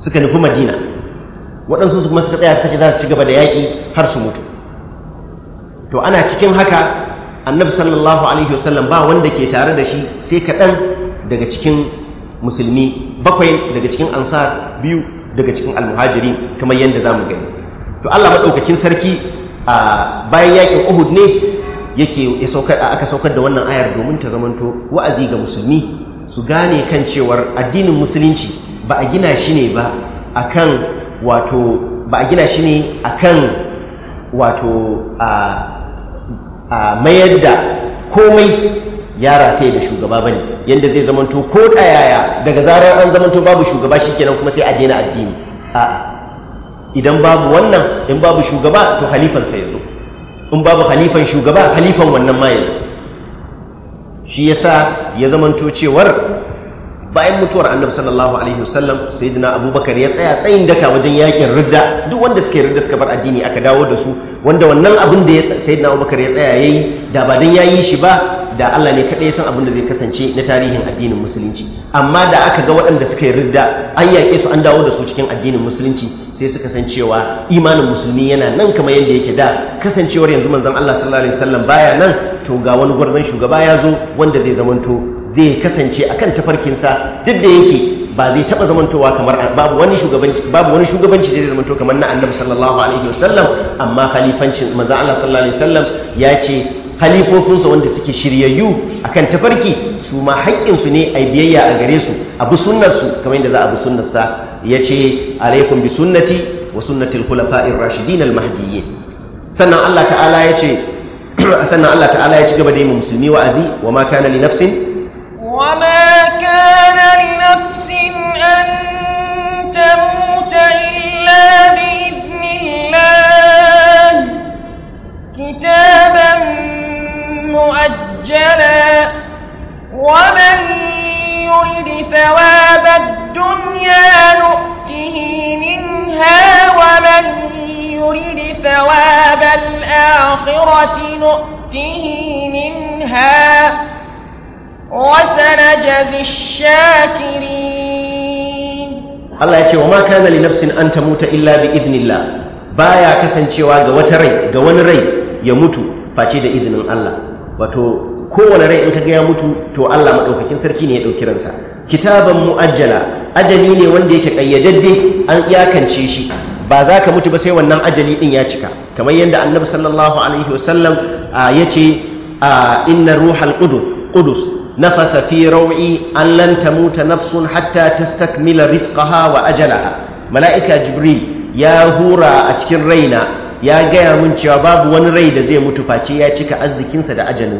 suka nufi Madina waɗansu su kuma suka tsaya suka ce za su ci gaba da yaƙi har su mutu to ana cikin haka annabi sallallahu alaihi wasallam ba wanda ke tare da shi sai kaɗan daga cikin musulmi bakwai daga cikin ansa biyu daga cikin almuhajiri kamar yadda za mu gani to allah maɗaukakin sarki a bayan yakin uhud ne yake aka saukar da wannan ayar domin ta zamanto wa'azi ga musulmi su gane kan cewar addinin musulunci ba a gina shi ne ba akan wato ba a gina shi ne akan wato a a mayar da komai ya rataye da shugaba ba ne, yadda zai zamanto ko ɗayaya daga zarar an zamanto babu shugaba shikenan kuma sai a daina addini a idan babu wannan in babu shugaba to halifan sai zo, in babu halifan shugaba halifan wannan ma zo, shi yasa ya zamanto cewar bayan mutuwar annabi sallallahu alaihi wasallam sayyidina abubakar ya tsaya tsayin daka wajen yakin ridda duk wanda suke ridda suka bar addini aka dawo da su wanda wannan abin da sayyidina abubakar ya tsaya yayi da ba dan yayi shi ba da Allah ne kaɗai san abin da zai kasance na tarihin addinin musulunci amma da aka ga waɗanda suka yi ridda an yake su an dawo da su cikin addinin musulunci sai suka san cewa imanin musulmi yana nan kamar yadda yake da kasancewar yanzu manzon Allah sallallahu alaihi wasallam baya nan to ga wani gwarzon shugaba ya zo wanda zai zamanto zai kasance akan tafarkinsa duk da yake ba zai taɓa zamantowa kamar babu wani shugabanci babu wani shugabanci da zai zamanto kamar na annabi sallallahu alaihi wasallam amma khalifanci, manzo Allah sallallahu alaihi wasallam ya ce khalifofinsa wanda suke shiryayyu akan tafarki su ma haƙƙinsu ne a biyayya a gare su a bi sunnarsu kamar yadda za a bi sunnarsa ya ce alaikum bi sunnati wa sunnatil khulafa'ir rashidin al mahdiyyin sannan Allah ta'ala ya ce [CLEARS THROAT] sannan Allah ta'ala ya ci gaba da yi musulmi wa'azi wa ma kana li nafsin وما كان لنفس أن تموت إلا بإذن الله كتابا مؤجلا ومن يرد ثواب الدنيا نؤته منها ومن يرد ثواب الآخرة نؤته منها وسنجزي الشاكرين الله يقول وما كان لنفس أن تموت إلا بإذن الله بايا كسن شوا غوات ري غوان ري يموت فاتي ده إذن الله وتو كون ري إنك يموت تو الله مدوك كن سركيني يدوك رنسا كتابا مؤجلا أجلي ني وندي كأيددي أن ياكن شيشي ba za ka mutu ba sai wannan ajali din ya cika kamar yadda annabi sallallahu alaihi wasallam ya ce inna ruhal qudus Na fi rau'i an lan ta muta nafsun hatta tastakmila rizqaha wa ajalaha mala'ika jibril ya hura a cikin raina ya gaya mun cewa babu wani rai da zai mutu face ya cika arzikinsa da ajalin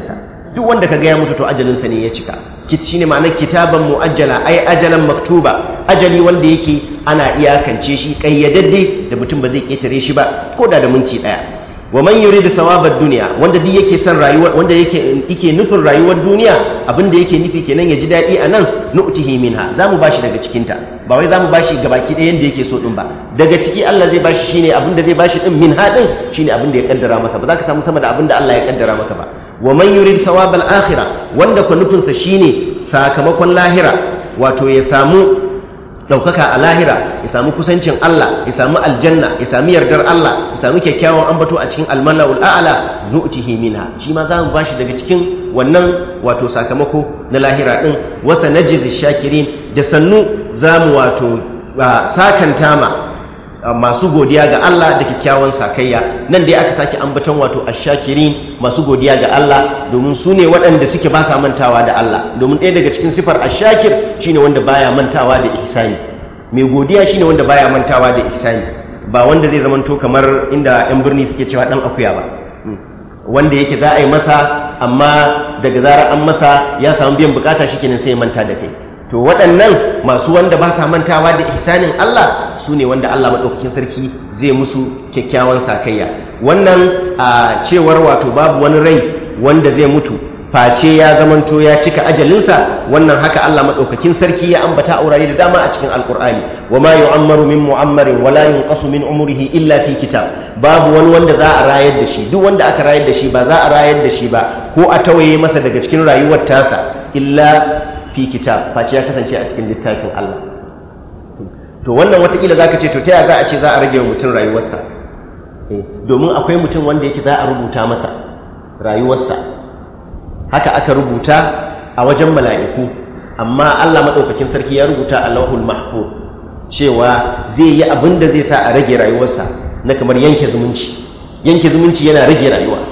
duk wanda ka gaya mutu to ajalin sa ne ya cika kit shine ma'anar kitaban mu'ajjala ai ajalan maktuba ajali wanda yake ana iyakance shi kayyadadde da mutum ba zai ƙetare shi ba ko da da minti ɗaya. wa man yuridu thawabad dunya wanda duk yake son rayuwar wanda yake yake nufin rayuwar duniya abinda yake nufi kenan ya ji dadi anan nu'tihi minha zamu bashi daga cikin ta ba wai zamu bashi gabaki ɗaya yanda yake so din ba daga ciki Allah zai bashi shine abinda zai bashi din minha din shine abinda ya kaddara masa ba za ka samu sama da abinda Allah ya kaddara maka ba wa man yurid thawabal akhirah wanda ko nufin sa shine sakamakon lahira wato ya samu Daukaka, a lahira ya samu kusancin Allah ya samu aljanna ya samu yardar Allah ya samu kyakkyawan ambato a cikin almala ul'ala nu'tihi minha shi ma za mu bashi daga cikin wannan wato sakamako na lahira ɗin, wasa najizi shakirin da sannu za mu wato ah, sakanta ma Ah, masu godiya ga Allah da kyakkyawan sakayya nan dai aka sake ambaton wato ash ashakirin masu godiya ga Allah domin su ne waɗanda suke ba sa mantawa da Allah domin ɗaya daga cikin sifar Ash-shakir ash-shakir shine wanda baya mantawa da ihsani mai godiya shine wanda baya mantawa da ihsani ba wanda zai zamanto kamar inda 'yan birni suke cewa dan akuya ba hmm. wanda yake za a yi masa amma daga zarar an masa ya samu biyan bukata shi kenan sai ya manta da kai to waɗannan masu wanda ba sa mantawa da ihsanin Allah su ne wanda Allah maɗaukakin sarki zai musu kyakkyawan sakayya wannan a cewar wato babu wani rai wanda zai mutu face ya zamanto ya cika ajalinsa wannan haka Allah maɗaukakin sarki ya ambata a wurare da dama a cikin alkur'ani wa ma yu'ammaru min mu'ammarin wa la yunqasu min umrihi illa fi kitab babu wani wanda za a rayar da shi duk wanda aka rayar da shi ba za a rayar da shi ba ko a tawaye masa daga cikin rayuwar tasa illa fi kitab face ya kasance a cikin littafin Allah to wannan watakila za ka ce to ta yaya za a ce za a rage mutum rayuwarsa eh, domin akwai mutum wanda yake za a rubuta masa rayuwarsa haka aka rubuta a wajen mala'iku amma Allah maɗaukakin sarki ya rubuta a lauhul cewa zai yi abin da zai sa a rage rayuwarsa na kamar yanke zumunci yanke zumunci yana rage rayuwa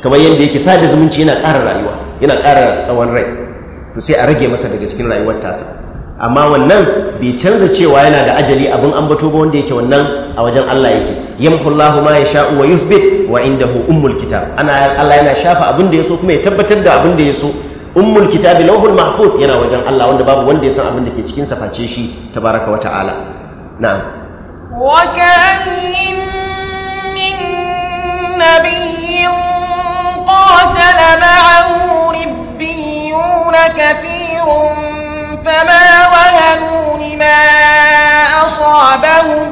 kamar yadda yake sa da zumunci yana ƙara rayuwa yana ƙara tsawon rai to sai a rage masa daga cikin rayuwar tasa amma wannan bai canza cewa yana da ajali abin an bato ba wanda yake wannan a wajen Allah yake yamhullahu ma yasha'u wa yuthbit wa indahu ummul kitab ana Allah yana shafa abin da yaso kuma ya tabbatar da abin da yaso ummul kitab lawhul mahfuz yana wajen Allah wanda babu wanda ya san abin da ke cikin sa face shi tabaraka wa ta'ala na'am wa ka'in min nabiyyin qatala كثير فما وهنوا لما أصابهم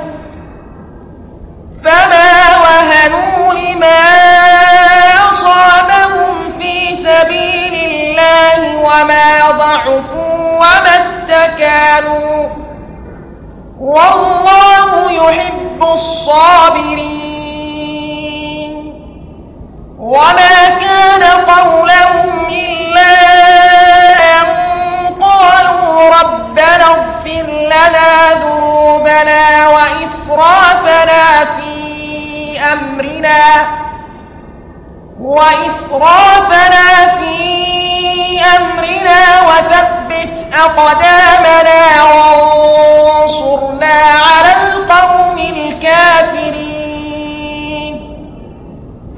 فما وهنوا لما أصابهم في سبيل الله وما ضعفوا وما استكانوا والله يحب الصابرين وما كان قولهم إسرافنا في أمرنا وإسرافنا في أمرنا وثبت أقدامنا وانصرنا على القوم الكافرين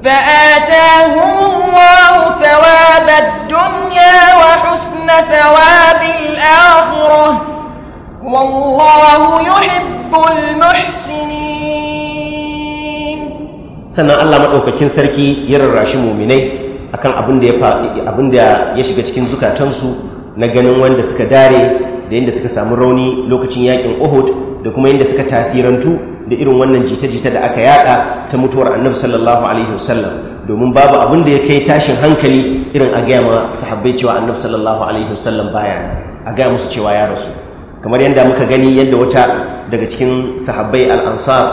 فآتاهم الله ثواب الدنيا وحسن ثواب الآخرة والله يحب sannan Allah maɗaukakin sarki ya rarrashi muminai kan abin da ya shiga cikin zukatansu na ganin wanda suka dare da yadda suka samu rauni lokacin yakin ohud da kuma yadda suka tasirantu da irin wannan jita-jita da aka yada ta mutuwar Annabi sallallahu alaihi wasallam domin babu abin da ya kai tashin hankali irin a gaya ma sahabbai cewa annabu sallallahu alaihi wasallam baya a gaya musu cewa ya rasu kamar yadda muka gani yadda wata daga cikin sahabbai al'ansar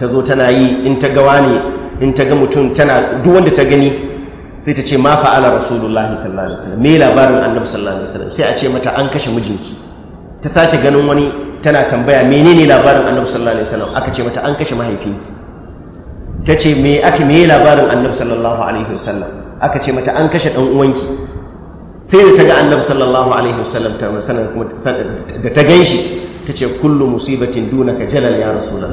ta zo tana yi in ta gawa ne in ta ga mutum tana duk wanda ta gani sai ta ce ma fa'ala rasulullahi sallallahu alaihi wasallam me labarin annabi sallallahu alaihi wasallam sai a ce mata an kashe mijinki ta sake ganin wani tana tambaya menene labarin annabi sallallahu alaihi wasallam aka ce mata an kashe mahaifinki ta ce me aka me labarin annabi sallallahu alaihi wasallam aka ce mata an kashe dan uwanki sai da ta ga annabi sallallahu alaihi wasallam ta sanar kuma da ta ganshi ta ce kullu musibatin dunaka jalal ya rasulullah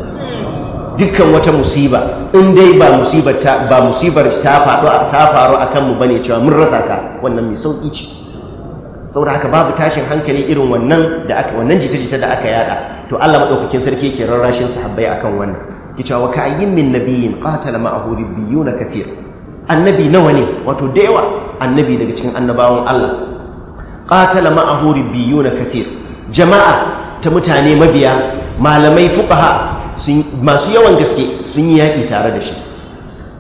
dukkan wata musiba in dai ba musibar ta ba musibar ta faru ta faru akan mu bane cewa mun rasa ka wannan mai sauki ce saboda haka babu tashin hankali irin wannan da aka wannan jita-jita da aka yada to Allah madaukakin sarki yake rarrashin sahabbai akan wannan kicewa wa ka'ayyin min nabiyyin qatala ma'ahu ribbiyuna kathir annabi nawa ne wato da yawa annabi daga cikin annabawan Allah qatala ma'ahu na kathir jama'a ta mutane mabiya malamai fuqaha masu yawan gaske sun yi yaƙi tare da shi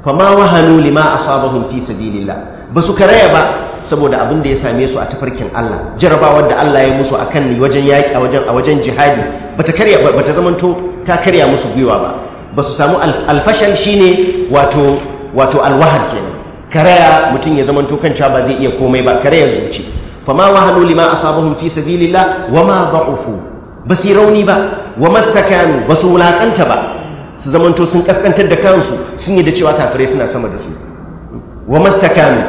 ma wahanu lima asabahum fi sabilillah ba su karaya ba saboda abin da ya same su a tafarkin Allah jarabawar da Allah ya musu akan wajen yaki a wajen a wajen jihadi bata karya bata zamanto ta karya musu gwiwa ba ba su samu alfashal shine wato wato alwahar kenan karaya mutum ya zama to kanca ba zai iya komai ba karaya zuci fama wahanu lima asabahum fi sabilillah wama da'ufu basi rauni ba wama sakanu basu mulakanta ba su zama to sun kaskantar da kansu sun yi da cewa kafirai suna sama da su wama sakanu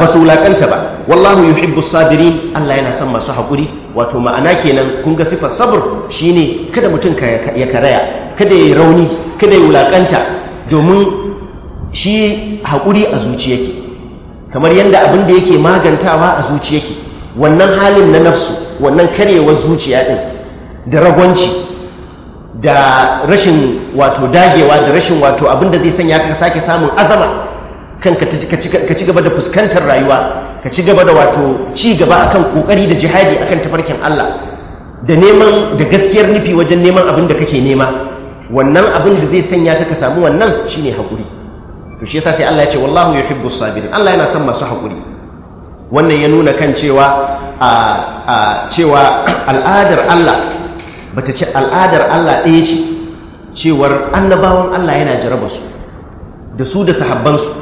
basu mulakanta ba wallahu yuhibbu sabirin Allah yana son masu hakuri wato ma'ana kenan kun ga sifar sabr shine kada mutum ya karaya kada ya rauni kada ya wulakanta domin shi haƙuri a zuci yake kamar yadda abin da yake magantawa a zuci yake wannan halin na nafsu wannan karyewar zuciya ɗin da ragwanci da rashin wato dagewa da rashin wato abin da zai sanya ka sake samun azama kan ka ci gaba da fuskantar rayuwa ka ci gaba da wato ci gaba akan kokari da jihadi akan tafarkin Allah da neman da gaskiyar nufi wajen neman abin da kake nema wannan abin da zai sanya ka ka samu wannan shine hakuri to shi yasa sai Allah ya ce wallahu ya yuhibbus sabirin Allah yana son masu hakuri wannan ya nuna kan cewa a cewa al'adar Allah bata ce al'adar Allah ɗaya ce cewar annabawan Allah yana jaraba su da su da sahabbansu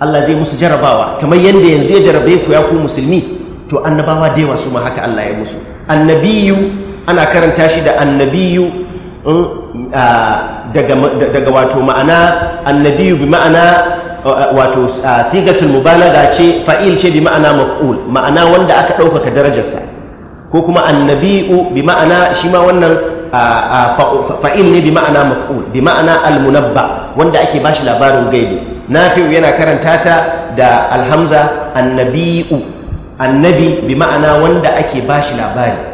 Allah zai musu jarabawa kamar yadda yanzu ya jarabe ku ya ku musulmi to annabawa da yawa su ma haka Allah ya musu annabiyu ana karanta shi da annabiyu Ah, daga wato ma'ana annabiyu bi ma'ana ah, ah, wato sigatul mubalaga ce fa'il ce bi ma'ana maf'ul ma'ana wanda aka ɗaukaka darajarsa ko kuma annabi'u bi ma'ana shi ma wannan fa'il ne bi ma'ana maf'ul bi ma'ana almunabba wanda ake bashi labarin gaibi nafi'u yana karanta ta da alhamza annabi'u annabi bi ma'ana wanda ake bashi labari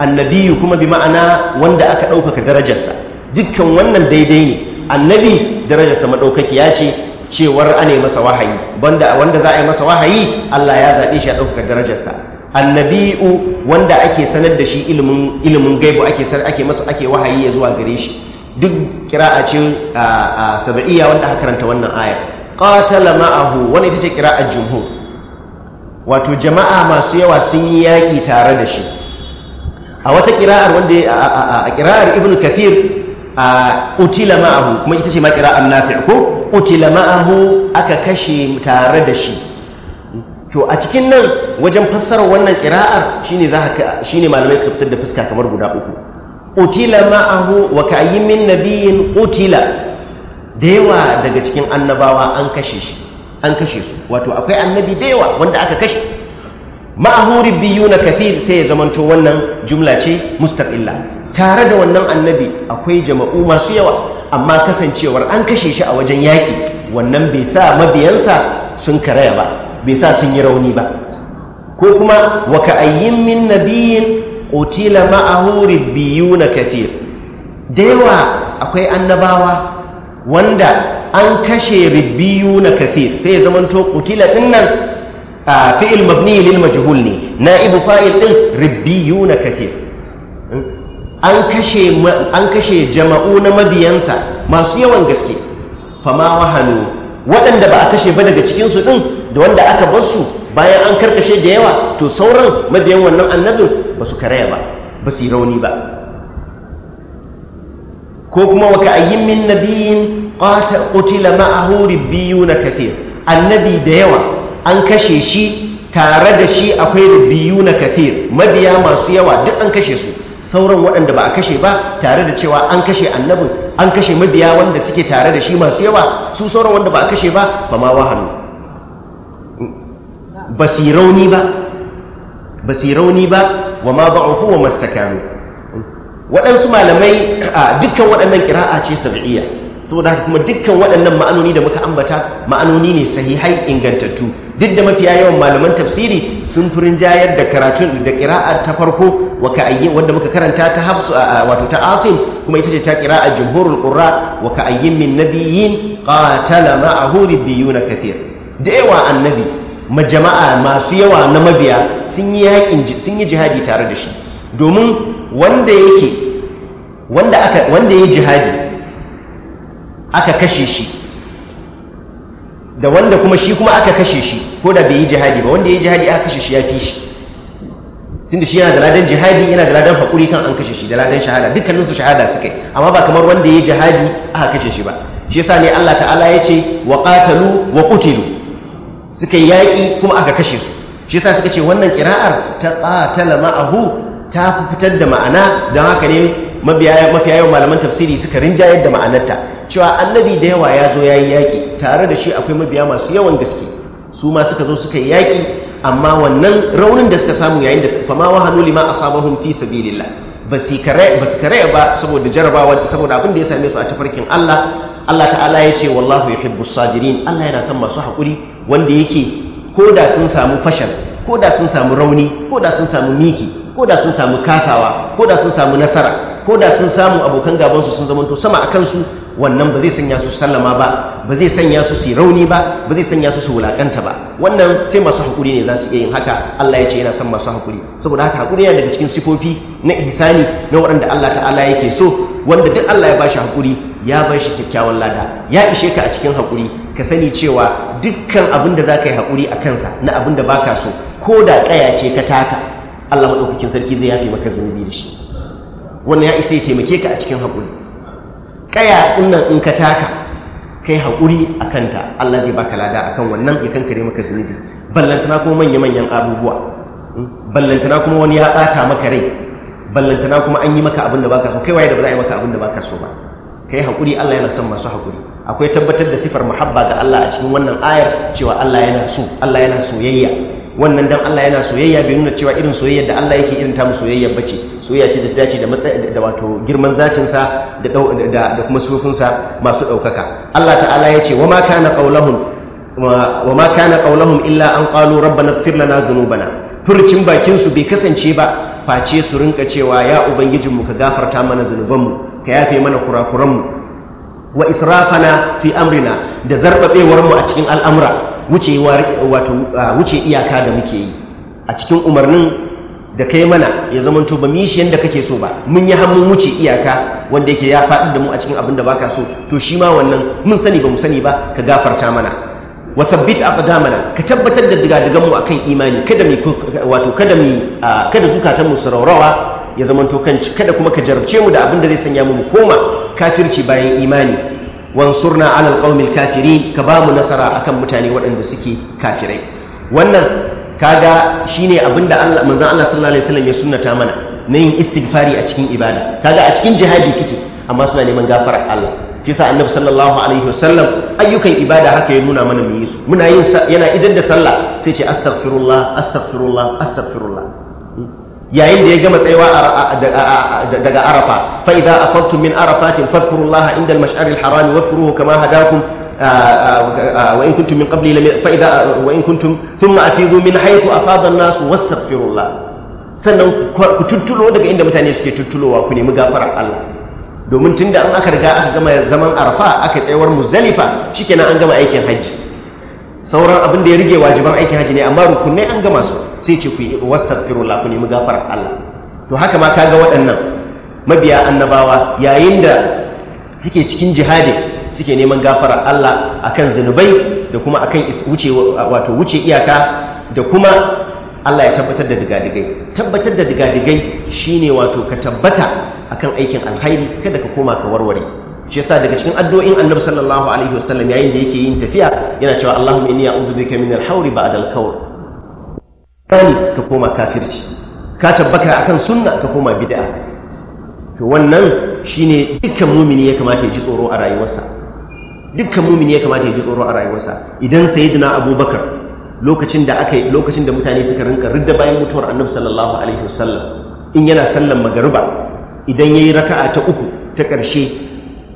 Annabi'u kuma bi ma'ana wanda aka ɗaukaka darajarsa dukkan wannan daidai ne annabi darajarsa ya ce cewar ane masa wahayi banda wanda za a yi masa wahayi Allah ya zaɓe shi a ɗaukaka darajarsa annabi'u wanda ake sanar da shi ilimin ilimin gaibu ake sanar ake masa ake wahayi ya zuwa gare shi duk kira'a ce saba'iyya wanda aka karanta wannan aya qatala ma'ahu wani ita ce kira'a jumhur wato jama'a masu yawa sun yi yaƙi tare da shi a wata ƙira'ar wanda a kira'ar ibn kathir a utila ma'ahu kuma ita ce ma kira'ar nafi ko utila ma'ahu aka kashe tare da shi to a cikin nan wajen fassarar wannan kira'ar shine za malamai suka fitar da fuska kamar guda uku utila ma'ahu wa ka yi min nabiyin utila da yawa daga cikin annabawa an kashe shi an kashe su wato akwai annabi da yawa wanda aka kashe ma'ahuri biyu na kafir sai ya zamanto wannan jumla ce mustaqilla tare da wannan annabi akwai jama'u masu yawa amma kasancewar an kashe shi a wajen yaƙi wannan bai sa mabiyansa sun karaya ba bai sa sun yi rauni ba ko kuma wa ka'ayyin min ƙotila ma'ahuri biyu na kafir? da yawa akwai annabawa wanda an kashe biyu na kafir sai ya zamanto qutila ɗinnan? fi'il mabni lil majhul ne na'ibu fa'il din ribbiyuna kathir an kashe an kashe jama'u na mabiyansa masu yawan gaske fama wahanu waɗanda ba a kashe ba daga cikin su din da wanda aka bar su bayan an karkashe da yawa to sauran mabiyan wannan annabin ba su karaya ba ba su yi rauni ba ko kuma wa ka'ayyin min nabiyin qatala ma'ahu ribbiyuna kathir annabi da yawa an kashe shi tare da shi akwai da biyu na kafir mabiya masu yawa duk an kashe su sauran waɗanda ba a kashe ba tare da cewa an kashe annabin an kashe mabiya wanda suke tare da shi masu yawa su sauran wanda ba a kashe ba ba ma wahalu ba su rauni ba ba rauni ba wa ma ba'ufu wa mastakanu waɗansu malamai a dukkan waɗannan kira'a ce sab'iyya saboda haka kuma dukkan waɗannan ma'anoni da muka ambata ma'anoni ne sahihai ingantattu duk da mafiya yawan malaman tafsiri sun fi rinjayar da karatun da ƙira'a ta farko wanda muka karanta ta hafsu wato ta asim kuma ita ce ta ƙira'a jumhurul qurra wa ka ayyin min nabiyyin qatala ma'ahu ribbiyuna kathir da yawa annabi majama'a masu yawa na mabiya sun yi yaƙin sun yi jihadi tare da shi domin wanda yake wanda aka wanda jihadi aka kashe shi da wanda kuma shi kuma aka kashe shi ko da bai yi jihadi ba wanda ya yi jihadi aka kashe shi ya fi shi tunda shi yana da ladan jihadi yana da ladan haƙuri kan an kashe shi da ladan shahada dukkanin su shahada suka yi amma ba kamar wanda ya jihadi aka kashe shi ba shi yasa ne Allah ta'ala ya ce wa qatalu wa qutilu suka yi yaƙi kuma aka kashe su shi yasa suka ce wannan kira'ar ta qatala ma'ahu ta fitar da ma'ana don haka ne mafiya yawan malaman tafsiri suka rinjayar da ma'anarta cewa annabi da yawa ya zo ya yi yaƙi tare da shi akwai mabiya masu yawan gaske su ma suka zo suka yi yaƙi amma wannan raunin da suka samu yayin da fama wahanu lima asabahum fi sabilillah ba su ba saboda jarabawa saboda abin da ya same su a tafarkin Allah Allah ta'ala ya ce wallahu ya fi sabirin Allah yana son masu haƙuri wanda yake ko da sun samu fashal ko da sun samu rauni ko da sun samu miki ko da sun samu kasawa ko da sun samu nasara ko da sun samu abokan gabansu sun zamanto sama a kansu wannan ba zai sanya su sallama ba ba zai sanya su su rauni ba ba zai sanya su su wulakanta ba wannan sai masu hakuri ne za su iya yin haka Allah ya ce yana son masu hakuri saboda haka hakuri yana daga cikin sifofi na ihsani na waɗanda Allah ta'ala yake so wanda duk Allah ya bashi hakuri ya shi kyakkyawan lada ya ishe ka a cikin hakuri ka sani cewa dukkan abin da za ka yi hakuri a kansa na abin da baka so ko da kaya ce ka taka Allah maɗaukakin sarki zai yafe maka zunubi da shi wannan ya isa ya taimake ka a cikin haƙuri ƙaya ɗinnan in ka taka kai haƙuri a kanta Allah zai baka lada a kan wannan ya kankare maka zunubi ballantana kuma manya-manyan abubuwa hmm? ballantana kuma wani ya ɓata maka rai ballantana kuma an yi maka abin da baka so kai waye da ba za a yi maka abin da baka so ba kai haƙuri Allah yana son masu haƙuri akwai tabbatar da sifar muhabba ga Allah a cikin wannan ayar cewa Allah yana so Allah yana soyayya wannan dan Allah yana soyayya bai nuna cewa irin soyayyar da Allah yake irin tamu soyayyar bace soyayya ce da dace da da wato girman zatin sa da da kuma sufin sa masu daukaka Allah ta'ala ya ce wama kana qaulahum wama kana qaulahum illa an qalu rabbana ighfir lana dhunubana furcin bakin su bai kasance ba face su rinka cewa ya ubangijin mu ka gafarta mana mu ka yafe mana mu wa israfana fi amrina da mu a cikin al'amura wuce iyaka da muke yi a cikin umarnin da kai mana ya zama ba mu yi shi yadda kake so ba mun yi hannun wuce iyaka wanda yake ya faɗi da mu a cikin abin da baka so to shi ma wannan mun sani ba mu sani ba ka gafarta mana wa sabbit mana ka tabbatar da digadigan mu akan imani kada mu wato kada mu kada zukatan mu ya zama to kada kuma ka jarabce mu da abin da zai sanya mu koma kafirci bayan imani wansurna alal qaumil kafiri, ka ba mu nasara akan mutane waɗanda suke kafirai wannan kaga shine abinda Allah Allah sallallahu alaihi ya sunnata mana na yin istighfari a cikin ibada kaga a cikin jihadi suke amma suna neman gafar Allah shi yasa annabi sallallahu alaihi wasallam ayyukan ibada haka ya nuna mana mu yi su muna yin yana idan da sallah sai ce astaghfirullah astaghfirullah astaghfirullah yayin da ya gama tsayawa daga arafa fa idza afartum min arafatin fadhkurullaha inda al-mash'ar al-haram wadhkuruhu kama hadakum wa in kuntum min qabli fa idza wa in kuntum thumma afidu min haythu afada an-nas wastaghfirullah sannan ku tuttulo daga inda mutane suke tuttulowa ku nemi gafarar Allah domin tunda an aka riga aka gama zaman arafa aka tsayawar muzdalifa shikenan an gama aikin hajji sauran abin da ya rige wajiban aikin haji ne amma rukunai an gama su sai ce ku yi wastaghfirullah ku nemi gafarar Allah to haka ma kaga waɗannan mabiya annabawa yayin da suke cikin jihadi suke neman gafarar Allah akan zunubai da kuma akan wuce wato wuce iyaka da kuma Allah ya tabbatar da digadigai tabbatar da digadigai shine wato ka tabbata akan aikin alkhairi, kada ka koma ka warware shi yasa daga cikin addu'o'in annabi sallallahu alaihi wasallam yayin da yake yin tafiya yana cewa Allahumma inni a'udhu bika min al-hawri ba'da al-kawr kani ka koma kafirci ka tabbaka akan sunna ka koma bid'a to wannan shine dukkan mumini ya kamata ya ji tsoro a rayuwarsa dukkan mumini ya kamata ya ji tsoro a rayuwarsa idan sayyidina abubakar lokacin da aka lokacin da mutane suka rinka ridda bayan mutuwar annabi sallallahu alaihi wasallam in yana sallan magariba idan yayi raka'a ta uku ta ƙarshe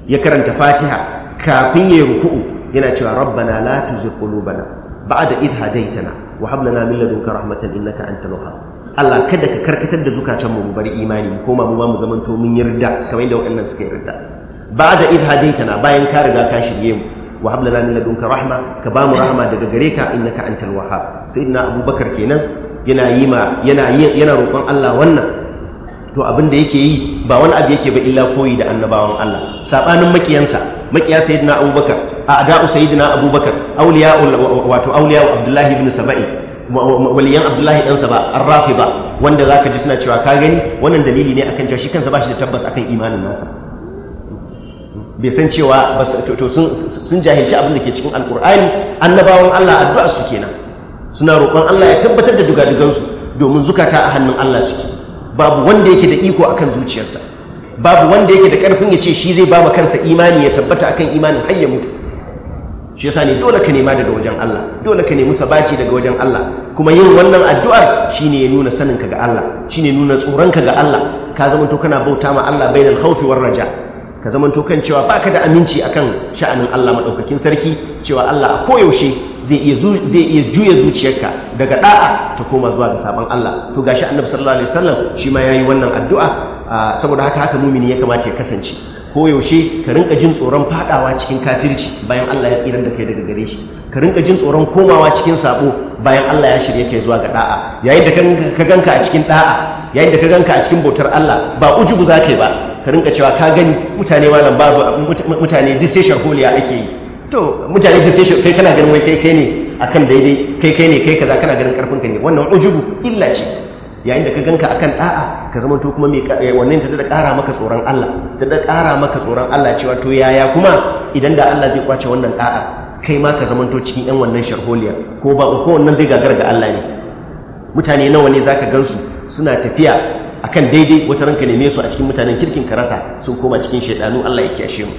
ya karanta fatiha kafin ya ruku'u yana cewa rabbana la tuzigh qulubana ba'da idh hadaytana wa hab lana min ladunka rahmatan innaka antal wahhab Allah kada ka karkatar da zukatan mu bari imani mu koma mu ba mu zamanto mun yarda kamar yadda waɗannan suka yarda ba'da idh hadaytana bayan ka riga ka shirye mu wa hab lana min ladunka rahma ka ba mu rahma daga gare ka innaka antal wahhab sayyidina abubakar kenan yana yi ma yana yana roƙon Allah wannan to abin da yake yi ba wani abu yake ba illa koyi da annabawan Allah sabanin makiyansa makiya sayyidina Abubakar a ada'u sayyidina Abubakar awliya wato awliya Abdullahi ibn Saba'i waliyan Abdullahi dan Saba ar-Rafida wanda zaka ji suna cewa ka gani wannan dalili ne akan cewa shi kansa ba shi da tabbas akan imanin nasa bai san cewa ba to sun jahilci abin da ke cikin alqur'ani annabawan Allah addu'a su kenan suna roƙon Allah ya tabbatar da dugadugansu domin zukata a hannun Allah suke babu wanda yake da iko akan zuciyarsa babu wanda yake da karfin ya ce shi zai ba kansa imani ya tabbata akan imanin har ya mutu shi yasa ne dole ka nema daga wajen Allah dole ka nemi sabaci daga wajen Allah kuma yin wannan addu'ar shine ya nuna sanin ka ga Allah shine nuna tsoron ka ga Allah ka zama to kana bauta ma Allah bainal khawfi war raja ka zamanto kan cewa baka da aminci kan sha'anin Allah madaukakin sarki cewa Allah a koyaushe zai iya juya zuciyarka daga ɗa'a ta koma zuwa ga sabon Allah to ga Annabi sallallahu alaihi wasallam shi ma ya yi wannan addu'a saboda haka haka mumini ya kamata ya kasance koyaushe ka rinka jin tsoron fadawa cikin kafirci bayan Allah ya tsirar da kai daga gare shi ka rinka jin tsoron komawa cikin sabo bayan Allah ya shirya kai zuwa ga da'a yayin da ka ganka a cikin ɗa'a, yayin da ka ganka a cikin bautar Allah ba ujubu zakai ba ka rinka cewa ka gani mutane malam babu mutane duk sai sharholiya ake yi to mutane duk sai kai kana ganin wai kai kai ne akan daidai kai kai ne kai kaza kana ganin karfin ka ne wannan ujubu illa ce yayin da ka ganka akan da'a ka zama to kuma eh, wannan ta da ƙara maka tsoron Allah ta da ƙara maka tsoron Allah cewa to yaya kuma idan da Allah zai kwace wannan da'a kai ma ka zamanto cikin yan wannan sharholiya ko ba ko wannan zai gagara ga Allah ne mutane nawa ne zaka gansu suna tafiya akan daidai wata ranka neme su a cikin mutanen kirkin ka rasa sun koma cikin shaidanu Allah ya kiyashe mu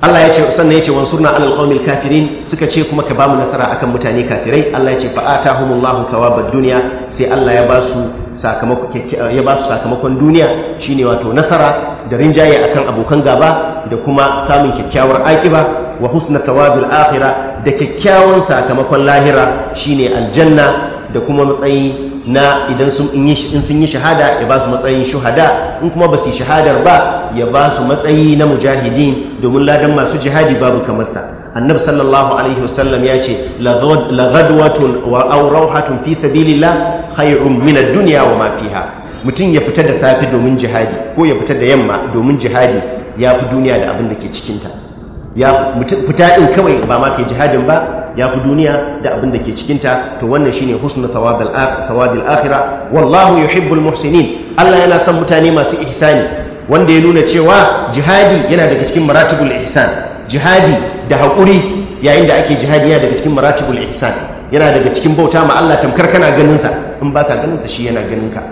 Allah ya ce sannan ya ce wansurna alal qaumil kafirin suka ce kuma ka bamu nasara akan mutane kafirai Allah ya ce fa atahumullahu thawabad dunya sai Allah ya basu sakamako eh, ya ba su sakamakon duniya shine wato nasara da rinjaye akan abokan gaba da kuma samun kyakkyawar aƙiba wa husna thawabil akhirah da kyakkyawan sakamakon lahira shine aljanna da kuma matsayi na idan sun yi shahada ya ba su matsayin shuhada in kuma ba su shahadar ba ya ba su matsayi na mujahidin domin ladan masu jihadi babu kamarsa annab sallallahu alaihi wasallam ya ce lagadwatun wa aurauhatun fi sabilillah khairun min ad-dunya wa ma fiha mutum ya fita da safi domin jihadi ko ya fita da yamma domin jihadi ya fi duniya da abin da ke cikinta ya fita din kawai ba ma ke jihadin ba ya fi duniya da abin da ke cikinta to wannan shine husnu thawabil akhira wallahu yuhibbul muhsinin Allah yana son mutane masu ihsani wanda ya nuna cewa jihadi yana daga cikin maratibul ihsan jihadi da haƙuri yayin da ake jihadi yana daga cikin maratibul ihsan yana daga cikin bauta ma Allah tamkar kana ganin sa in baka ganin sa shi yana ganin ka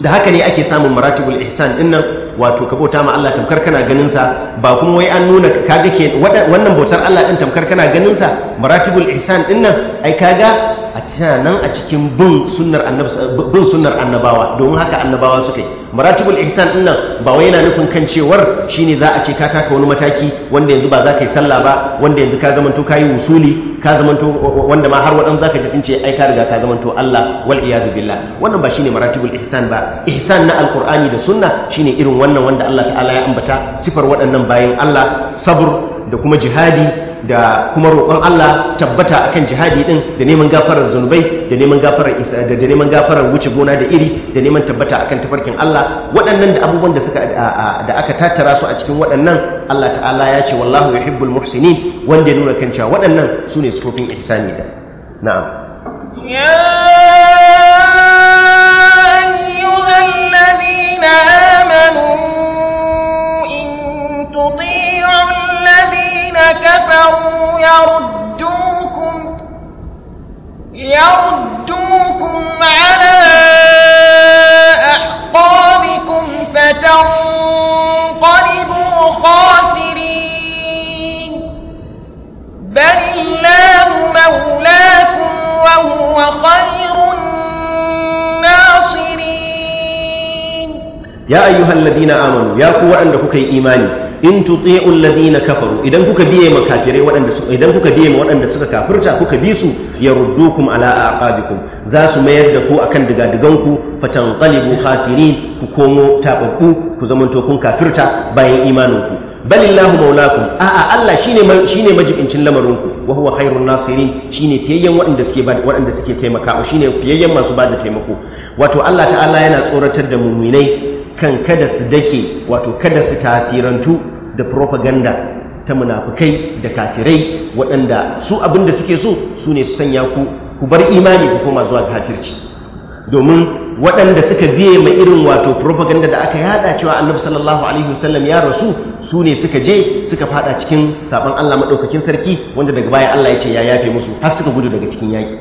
da haka ne ake samun maratibul ihsan nan? wato ka bauta ma Allah tamkar kana ganin sa ba kuma wai an nuna kaga ke wannan bautar Allah din tamkar kana ganin sa maratibul ihsan dinnan ai kaga a tana nan a cikin bin sunnar annabawa domin haka annabawa suka yi maratibul ihsan din nan ba wai yana nufin kan cewar shine za a ce ka taka wani mataki wanda yanzu ba za ka yi sallah ba wanda yanzu ka zamanto ka yi wusuli ka zamanto wanda ma har waɗansu za ka ji sun ce ai ka riga ka zamanto Allah wal iyadu billah wannan ba shine maratibul ihsan ba ihsan na alqur'ani da sunna shine irin wannan wanda Allah ta'ala ya ambata sifar waɗannan bayan Allah sabr da kuma jihadi da kuma roƙon Allah tabbata akan jihadi din da neman gafarar zunubai da neman gafarar isa da neman gafarar wuce gona da iri da neman tabbata akan tafarkin Allah waɗannan da abubuwan da suka da aka tattara su a cikin waɗannan Allah ta'ala ya ce wallahu yuhibbul muhsinin wanda ya nuna kan cewa waɗannan sune sufofin ihsani da na'am ya ayyuhal ladina amanu ya ku waɗanda kuka yi imani in tutsi tuti'u alladina kafaru idan kuka biya ma kafirai waɗanda su idan kuka biye ma waɗanda suka kafirta kuka bi su yaruddukum ala aqabikum za su mayar da ku a akan digadigan ku fatanqalibu khasirin ku komo tababbu ku zamanto kun kafirta bayan imanin ku balillahu maulakum a'a Allah shine shine majibincin lamarin ku wa huwa khairun nasirin shine fiyayyen waɗanda waɗanda suke taimakawa shine fiyayyen masu bada taimako wato Allah ta'ala yana tsoratar da mu'minai kan kada su dake wato kada su tasirantu da propaganda ta munafukai da kafirai waɗanda su abin suke so su ne su sanya ku ku bar imani ku koma zuwa kafirci domin waɗanda suka biye ma irin wato propaganda da aka yada cewa annabi sallallahu alaihi wasallam ya rasu su ne suka je suka fada cikin sabon Allah madaukakin sarki wanda daga baya Allah ya ce ya yafe musu har suka gudu daga cikin yaki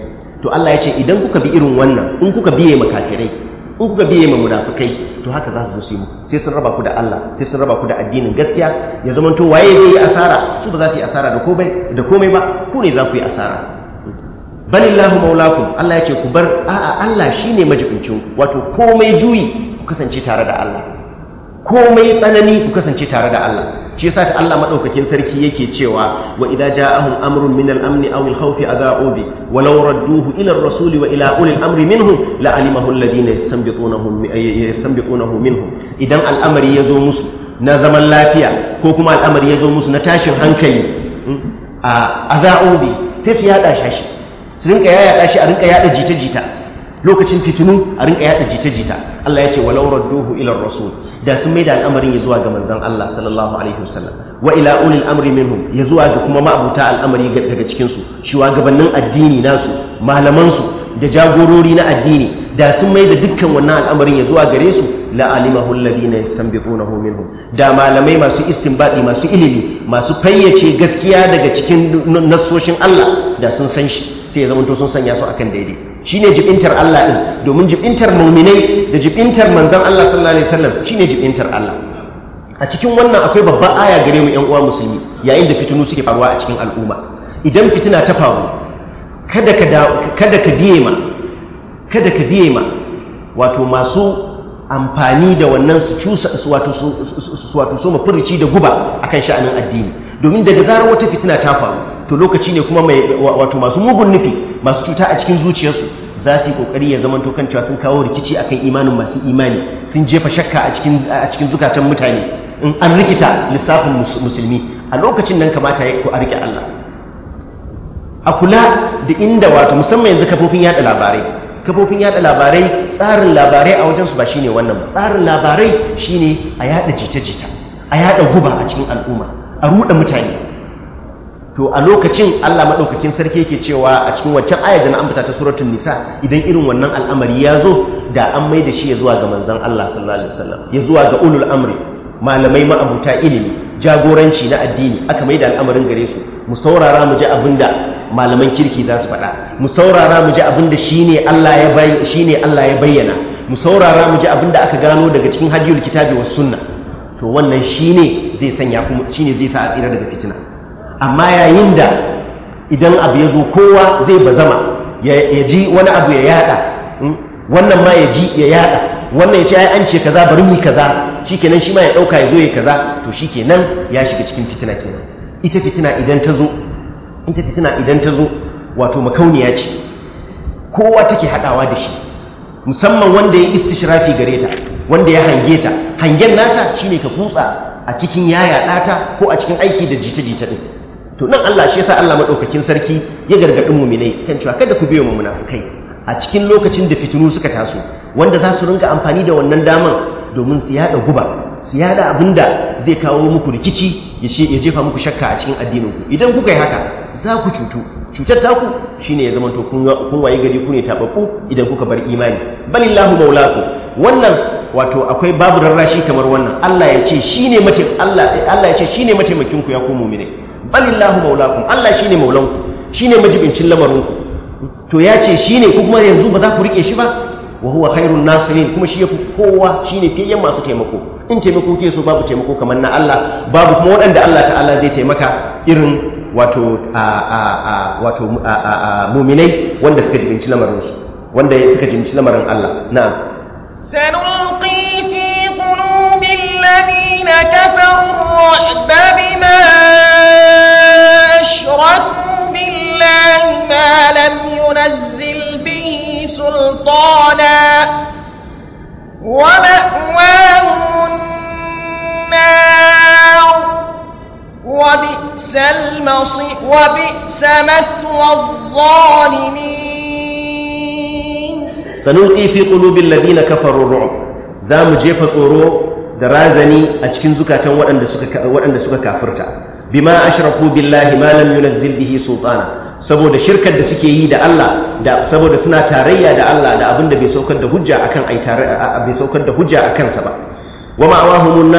to Allah ya ce idan kuka bi irin wannan in kuka biye ma kafirai in kuka biye ma munafikai to haka za su zo su sai sun raba ku da Allah sai sun raba ku da addinin gaskiya ya zama to waye zai yi asara su ba za su yi asara da komai da komai ba ku ne za ku yi asara balillahu maulakum Allah yake ku bar a'a Allah shine majibincin wato komai juyi ku kasance tare da Allah komai tsanani ku kasance tare da Allah shi yasa ta Allah madaukakin sarki yake cewa wa idza ja'ahum amrun min al-amn aw al-khawf adha'u bi wa law radduhu ila ar-rasuli wa ila ulil amri minhum la alimahu alladhina yastanbitunahum yastanbitunahu minhum idan al'amari yazo musu na zaman lafiya ko kuma al'amari ya zo musu na tashin hankali hmm, a adha'u sai su yada shashi su rinka yaya shi a rinka yada jita-jita lokacin fitinu a rinka yada jita-jita Allah ya ce walau radduhu ila rasul da sun da al'amarin ya zuwa ga manzon Allah sallallahu alaihi wasallam wa ila ulil amri minhum ya zuwa ga kuma ma'abuta al'amari daga cikin su shugabannin addini nasu malaman su da jagorori na addini da sun da dukkan wannan al'amarin ya zuwa gare su la alimahu alladhina yastanbitunahu minhum da malamai masu istinbadi masu ilimi masu fayyace gaskiya daga cikin nassoshin Allah da sun san shi sai ya zama to sun sanya su akan daidai shine jibintar Allah ɗin, domin jibintar mu'minai da jibintar manzon Allah sallallahu alaihi wasallam ne jibintar Allah a cikin wannan akwai babban aya gare mu ƴan uwa musulmi yayin da fitinu suke faruwa a cikin al'umma idan fitina ta faru kada ka biye ma kada ka biye ma wato masu amfani da wannan su cusa wato su wato su mafurici da guba akan sha'anin addini domin da zarar wata fitina ta faru to lokaci ne kuma mai wato masu mugun nufi masu cuta a cikin zuciyarsu za su yi kokari ya zamanto kan cewa sun kawo rikici akan imanin masu imani sun jefa shakka a cikin a zukatan mutane in an rikita lissafin musulmi a lokacin nan kamata ya ko a rike Allah a kula da inda wato musamman yanzu kafofin yada labarai kafofin yada labarai tsarin labarai a wajensu ba shine wannan ba tsarin labarai shine a yada jita-jita a yada guba a cikin al'umma a ruɗa mutane to a lokacin Allah maɗaukakin sarki yake cewa a cikin waccan ayar da na ambata ta suratun nisa idan irin wannan al'amari ya zo da an mai da shi ya zuwa ga manzon Allah sallallahu alaihi wasallam ya zuwa ga ulul amri malamai ma'abuta ilimi jagoranci na addini aka mai da al'amarin gare su mu saurara mu ji abinda malaman kirki za su faɗa mu saurara mu ji abinda shine Allah ya bayyana shine Allah ya bayyana mu saurara mu ji abinda aka gano daga cikin hadiyul kitabi was sunna to wannan shine zai sanya kuma ne zai sa a tsira daga fitina amma yayin da idan abu ya zo kowa zai bazama ya ji wani abu ya yada hmm, wannan ma ya ji ya yada wannan ya ce ai an ce kaza bari mu kaza shikenan shi ma ya dauka ya zo ya kaza to shikenan ya shiga cikin fitina kenan ita fitina idan ta zo wato makauniya ce kowa take hadawa da shi musamman wanda ya istishrafi gare ta wanda ya hange ta hangen nata shine ka kutsa a cikin yaya ɗata ko a cikin aiki da jita-jita ɗin to nan Allah shi yasa Allah maɗaukakin sarki ya gargaɗin muminai kan cewa kada ku biyo munafukai a cikin lokacin da fitinu suka taso wanda za su rinka amfani da wannan daman domin su yaɗa guba su yaɗa abin da zai kawo muku rikici ya jefa muku shakka a cikin ku idan kuka yi haka za ku cutu cutar shi shine ya zamanto kun waye gari ku ne tababbu idan kuka bar imani balillahu maulaku wannan wato akwai babu rarrashi kamar wannan Allah ya ce shine mace Allah Allah ya ce shine mataimakin ku ya ku mu'mini balillahu maulakum Allah shine maulanku shine majibincin lamarin ku to ya ce shine ku kuma yanzu ba za ku rike shi ba wa huwa khairun nasirin kuma shi yafi kowa shine fiye masu taimako in taimako ke so babu taimako kamar na Allah babu kuma waɗanda Allah ta'ala zai taimaka irin wato wato muminai wanda suka jibinci lamarin su wanda suka jibinci lamarin Allah na'am sanulqi fi qulubil ladina kafaru ar-ru'ba bima ashraku billahi ma lam yunzil bihi sultana ومأواهم النار وبئس المصي وبئس مثوى الظالمين سنلقي في قلوب الذين كفروا الرعب زام جيف صورو da razani a cikin zukatan waɗanda suka kafirta bima ashraku billahi ma lam yunzil bihi sultana saboda shirkar da suke yi da Allah da saboda suna tarayya da Allah da abinda bai saukar da hujja akan bai saukar da hujja akan sa ba wa ma'awahumun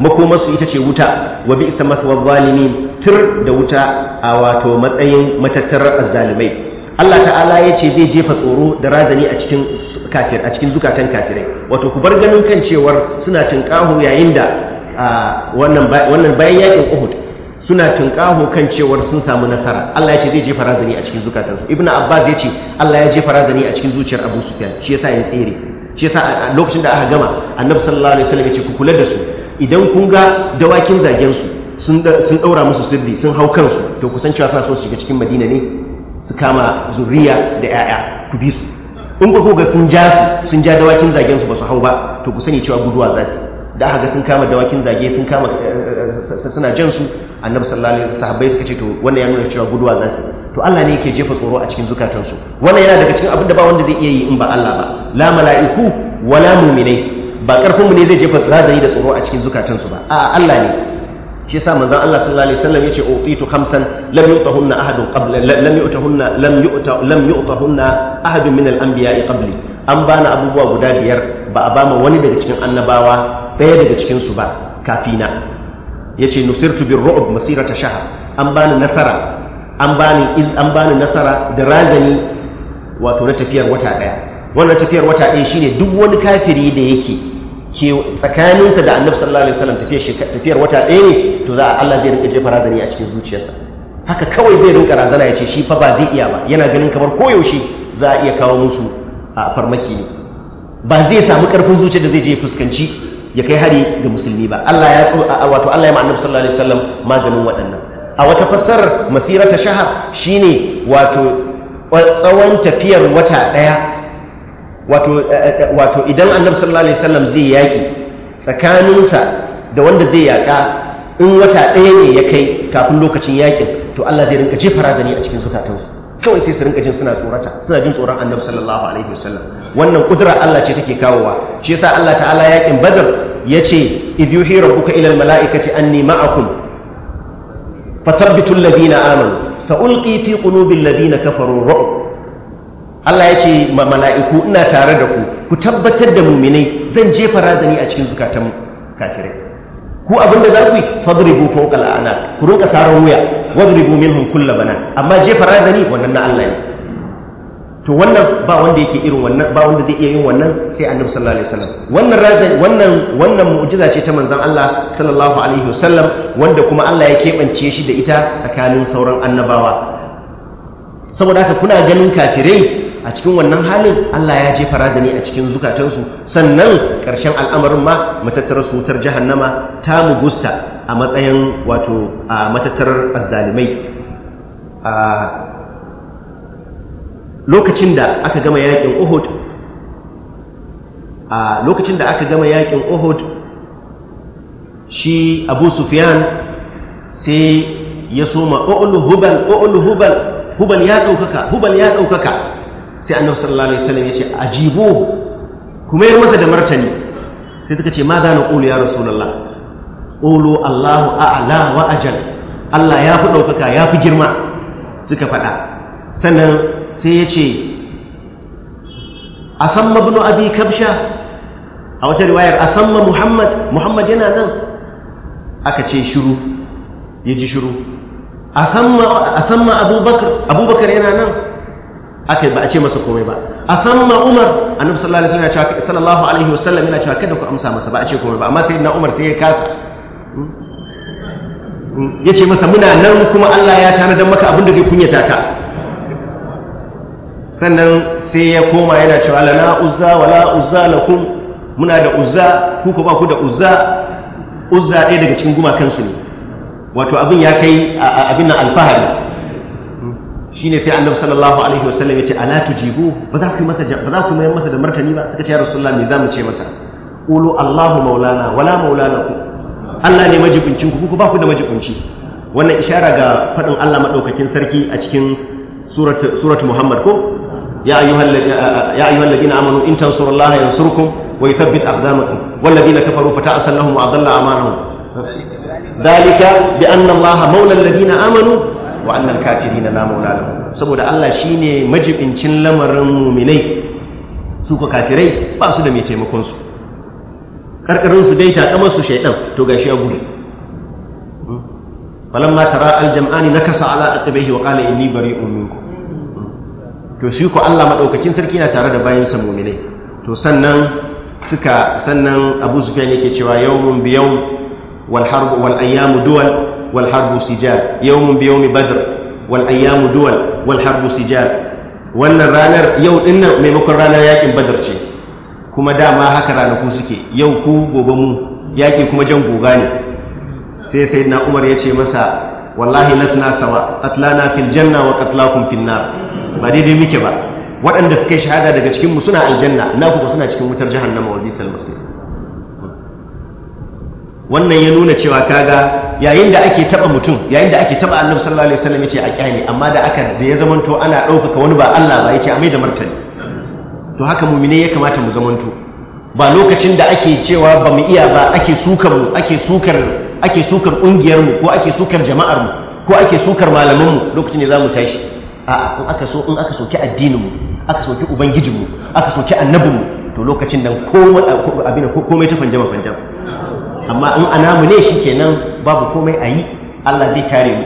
makomarsu ita ce wuta wa bi isa mathwar zalimin tur da wuta a wato matsayin matattarar azalimai. Allah ta'ala ya ce zai jefa tsoro da razani a cikin kafir a cikin zukatan kafirai wato ku bar ganin kan cewar suna tunƙaho yayin da wannan bayan yakin Uhud suna tunƙaho kan cewar sun samu nasara Allah ya ce zai jefa razani a cikin zukatan su. Ibn Abbas ya ce Allah ya jefa razani a cikin zuciyar Abu Sufyan shi yasa ya tsere shi yasa lokacin da aka gama Annabi sallallahu alaihi wasallam ya ce ku kula da su idan kun ga dawakin zagensu sun ɗaura musu sirri sun hau kansu to kusan cewa suna so su shiga cikin madina ne su kama zuriya da 'ya'ya ku bi su in ku ga sun ja su sun ja dawakin zagensu ba su hau ba to ku sani cewa guduwa za su da aka ga sun kama dawakin zage sun kama eh, eh, suna jan su annabi sallallahu alaihi sahabbai suka ce to wannan ya nuna cewa guduwa za su to Allah ne yake jefa tsoro a cikin zukatansu wannan yana daga cikin abin da ba wanda zai iya yi in ba Allah ba la mala'iku wala mu'minai ba karfinmu ne zai jefa razani da tsoro a cikin zukatansu ba a Allah ne shi yasa manzon Allah sallallahu alaihi wasallam yace utitu khamsan lam yu'tahunna ahadun qabla lam yu'tahunna lam yu'ta lam yu'tahunna ahadun min al qabli an bana abubuwa guda biyar ba a bama wani daga cikin annabawa daya daga cikin su ba kafina yace nusirtu birru'b masirata shahr an bani nasara an bani iz an bani nasara da razani wato na tafiyar wata daya wannan tafiyar wata ɗaya shine duk wani kafiri da yake tsakaninsa da annabi sallallahu alaihi wasallam tafiyar wata ɗaya ne to za a Allah zai rinka jefa razani a cikin zuciyarsa haka kawai zai rinka razana ya ce shi fa ba zai iya ba yana ganin kamar koyaushe za a iya kawo musu a farmaki ne ba zai samu karfin zuciya da zai je fuskanci ya kai hari ga musulmi ba Allah ya tso wato Allah ya ma annabi sallallahu alaihi wasallam maganin waɗannan a wata fassarar masirata shahar shine wato tsawon tafiyar wata ɗaya Eh, eh, eh, wato idan annabi sallallahu alaihi wasallam zai yaƙi tsakaninsa da wanda zai yaƙa in wata ɗaya ne ya kai kafin lokacin yaƙin to Allah zai rinka jefa razani a cikin zukatansu kawai sai su rinka jin suna tsorata suna jin tsoron annabi sallallahu alaihi wasallam wannan kudura Allah ce take kawowa shi yasa Allah ta'ala yaƙin badar ya ce idh yuhi rabbuka ila almalaikati anni ma'akum fathabbitu alladhina amanu sa'ulqi fi qulubi alladhina kafaru ru'b Allah ya ce ma mala'iku ina tare da ku ku tabbatar da muminai zan jefa razani a cikin zukatan kafirai ku abinda za ku yi fadribu fawqa ana, ku roƙa sarar wuya wadribu minhum kulla bana amma jefa razani wannan na Allah ne to wannan ba wanda yake irin wannan ba wanda zai iya yin wannan sai annabi sallallahu alaihi wasallam wannan razani wannan wannan mu'jiza ce ta manzon Allah sallallahu alaihi wasallam wanda kuma Allah ya keɓance shi da ita tsakanin sauran annabawa saboda haka kuna ganin kafirai a cikin wannan halin Allah ya jefa razani a cikin zukatansu sannan ƙarshen al'amarin ma matattarar sutar jahannama ta mugusta a matsayin wato a matattarar azzalimai a lokacin da aka gama yaƙin Uhud a lokacin da aka gama yaƙin Uhud shi Abu Sufyan sai ya soma ƙo'ul hubal ƙo'ul hubal hubal ya ɗaukaka hubal ya ɗaukaka sai annabi sallallahu alaihi wasallam ya ce ajibu kuma yi masa da martani sai suka ce ma za na ƙulu ya rasulallah ƙulu allahu a'la wa ajal allah ya fi ɗaukaka ya fi girma suka faɗa sannan sai ya ce a san mabnu abi kabsha a wata riwayar a san ma muhammad muhammad yana nan aka ce shiru ya ji shiru a san ma abubakar abubakar yana nan aka ba a ce masa komai ba a san ma umar annabi sallallahu alaihi wasallam sallallahu alaihi wasallam yana cewa kada ku amsa masa ba a ce komai ba amma sai na umar sai ya kasa ya ce masa muna nan kuma Allah ya dan maka abin da zai kunyata ka sannan sai ya koma yana cewa lana uzza wala uzza lakum muna da uzza ku ba ku da uzza uzza ɗaya daga cikin gumakansu ne wato abin ya kai abin nan alfahari shine sai annabi sallallahu alaihi wasallam yace ala tujibu ba za ku masa ba za ku mayar masa da martani ba suka ce ya rasulullah me zamu ce masa qulu allahu maulana wala maulana ku Allah ne majibincin ku ku ba ku da majibinci wannan ishara ga fadin Allah madaukakin sarki a cikin surat surat muhammad ko ya ayyuhal ya ayyuhal ladina amanu in tansurullaha yansurkum wa yuthabbit aqdamakum wal ladina kafaru fata'assallahum wa adalla amanahum bi anna allaha مولى الذين Amanu. wa annal na la maula saboda Allah shine majibincin lamarin mu'minai su ko kafirai ba su da mai taimakon su karkarin su dai takamar su shaydan to gashi ya gudu hmm? falamma tara aljam'ani nakasa ala aqbihi wa qala inni bari'un minkum hmm? to shi ko Allah madaukakin sarki na tare da bayan sa mu'minai to sannan suka sannan Abu Sufyan yake cewa yawmun bi yawm wal harbu wal ayyamu duwal والحرب سجال يوم بيوم بدر والأيام دول والحرب سجال wannan ranar yau din nan maimakon ranar yakin badar ce kuma dama haka ranaku suke yau ku gobe mu yaki kuma jan goga ne sai sai na umar ya ce masa wallahi lasna sawa qatlana fil janna wa qatlakum fil nar ba daidai muke ba waɗanda suka yi shahada daga cikin mu suna aljanna naku ku suna cikin wutar jahannama wa bisal masir wannan ya nuna cewa kaga yayin da ake taba mutum yayin da ake taba annabi sallallahu alaihi wasallam yace a kyale amma da aka da ya zamanto ana ɗaukaka wani ba Allah ba yace a mai da martani to haka mumine ya kamata mu zamanto ba lokacin da ake cewa ba mu iya ba ake sukar mu ake sukar ake sukar kungiyar mu ko ake sukar jama'ar mu ko ake sukar malaman mu lokacin da zamu tashi a'a in aka so in aka soki addinin mu aka soki ubangijin mu aka soki annabin mu to lokacin nan komai abin komai ta fanjama fanjama amma in mu ne shikenan babu komai a yi Allah zai kare mu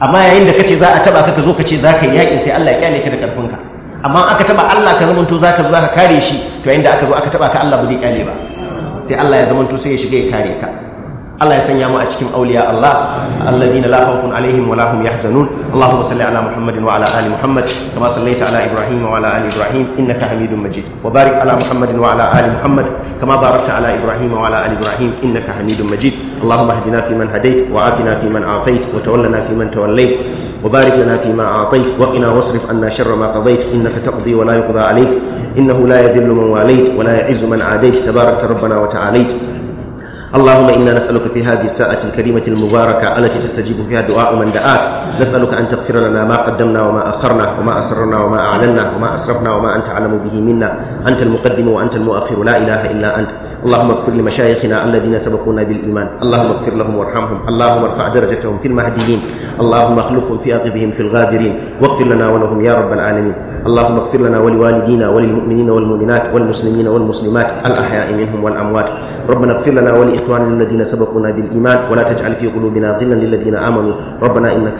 amma yayin da kace za a taba ka zo kace ce za ka yi yakin sai Allah ya kyale ka da ka, amma aka taba Allah ka zamanto za ka ka kare shi to yayin da aka zo aka taba ka Allah ba zai kyale ba sai Allah ya zamanto sai ya shiga ya kare ka Allah ya sanya mu a cikin auliya Allah alladhina la khawfun alaihim wa la hum yahzanun Allahumma salli ala Muhammadin wa ala ali Muhammad kama sallaita ala Ibrahim wa ala ali Ibrahim innaka Hamidum Majid wa barik ala Muhammadin wa ala ali Muhammad kama barakta ala Ibrahim wa ala ali Ibrahim innaka Hamidum Majid Allahumma ihdina fi man hadayt wa atina fi man afayt wa tawallana fi man tawallayt وبارك لنا فيما أعطيت وقنا واصرف عنا شر ما قضيت إنك تقضي ولا يقضى عليك إنه لا يذل من واليت ولا يعز من عاديت تبارك ربنا وتعاليت اللهم إنا نسألك في هذه الساعة الكريمة المباركة التي تستجيب فيها دعاء من دعاك نسألك أن تغفر لنا ما قدمنا وما أخرنا وما أسررنا وما أعلنا وما أسرفنا وما أنت أعلم به منا أنت المقدم وأنت المؤخر لا إله إلا أنت اللهم اغفر لمشايخنا الذين سبقونا بالإيمان اللهم اغفر لهم وارحمهم اللهم ارفع درجتهم في المهديين اللهم اخلفهم في أغبهم في الغابرين واغفر لنا ولهم يا رب العالمين اللهم اغفر لنا ولوالدينا وللمؤمنين والمؤمنات والمسلمين والمسلمات الأحياء منهم والأموات ربنا اغفر لنا ولإخواننا الذين سبقونا بالإيمان ولا تجعل في قلوبنا ظلا للذين آمنوا ربنا إنك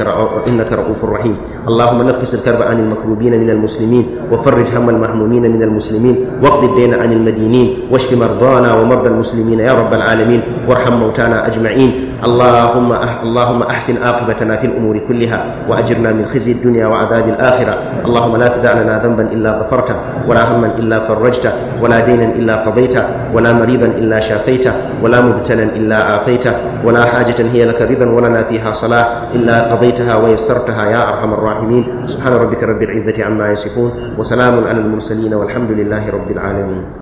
إنك رؤوف رحيم اللهم نفس الكرب عن المكروبين من المسلمين وفرج هم المهمومين من المسلمين واقض الدين عن المدينين واشف مرضانا ومرضى المسلمين يا رب العالمين وارحم موتانا أجمعين اللهم أح اللهم أحسن عاقبتنا في الأمور كلها وأجرنا من خزي الدنيا وعذاب الآخرة اللهم لا تدع لنا ذنبا إلا غفرته ولا هما إلا فرجته ولا دينا إلا قضيته ولا مريضا إلا شافيته ولا مبتلا إلا عافيته ولا حاجة هي لك رضا ولنا فيها صلاة إلا قضيتها ويسرتها يا أرحم الراحمين سبحان ربك رب العزة عما يصفون وسلام على المرسلين والحمد لله رب العالمين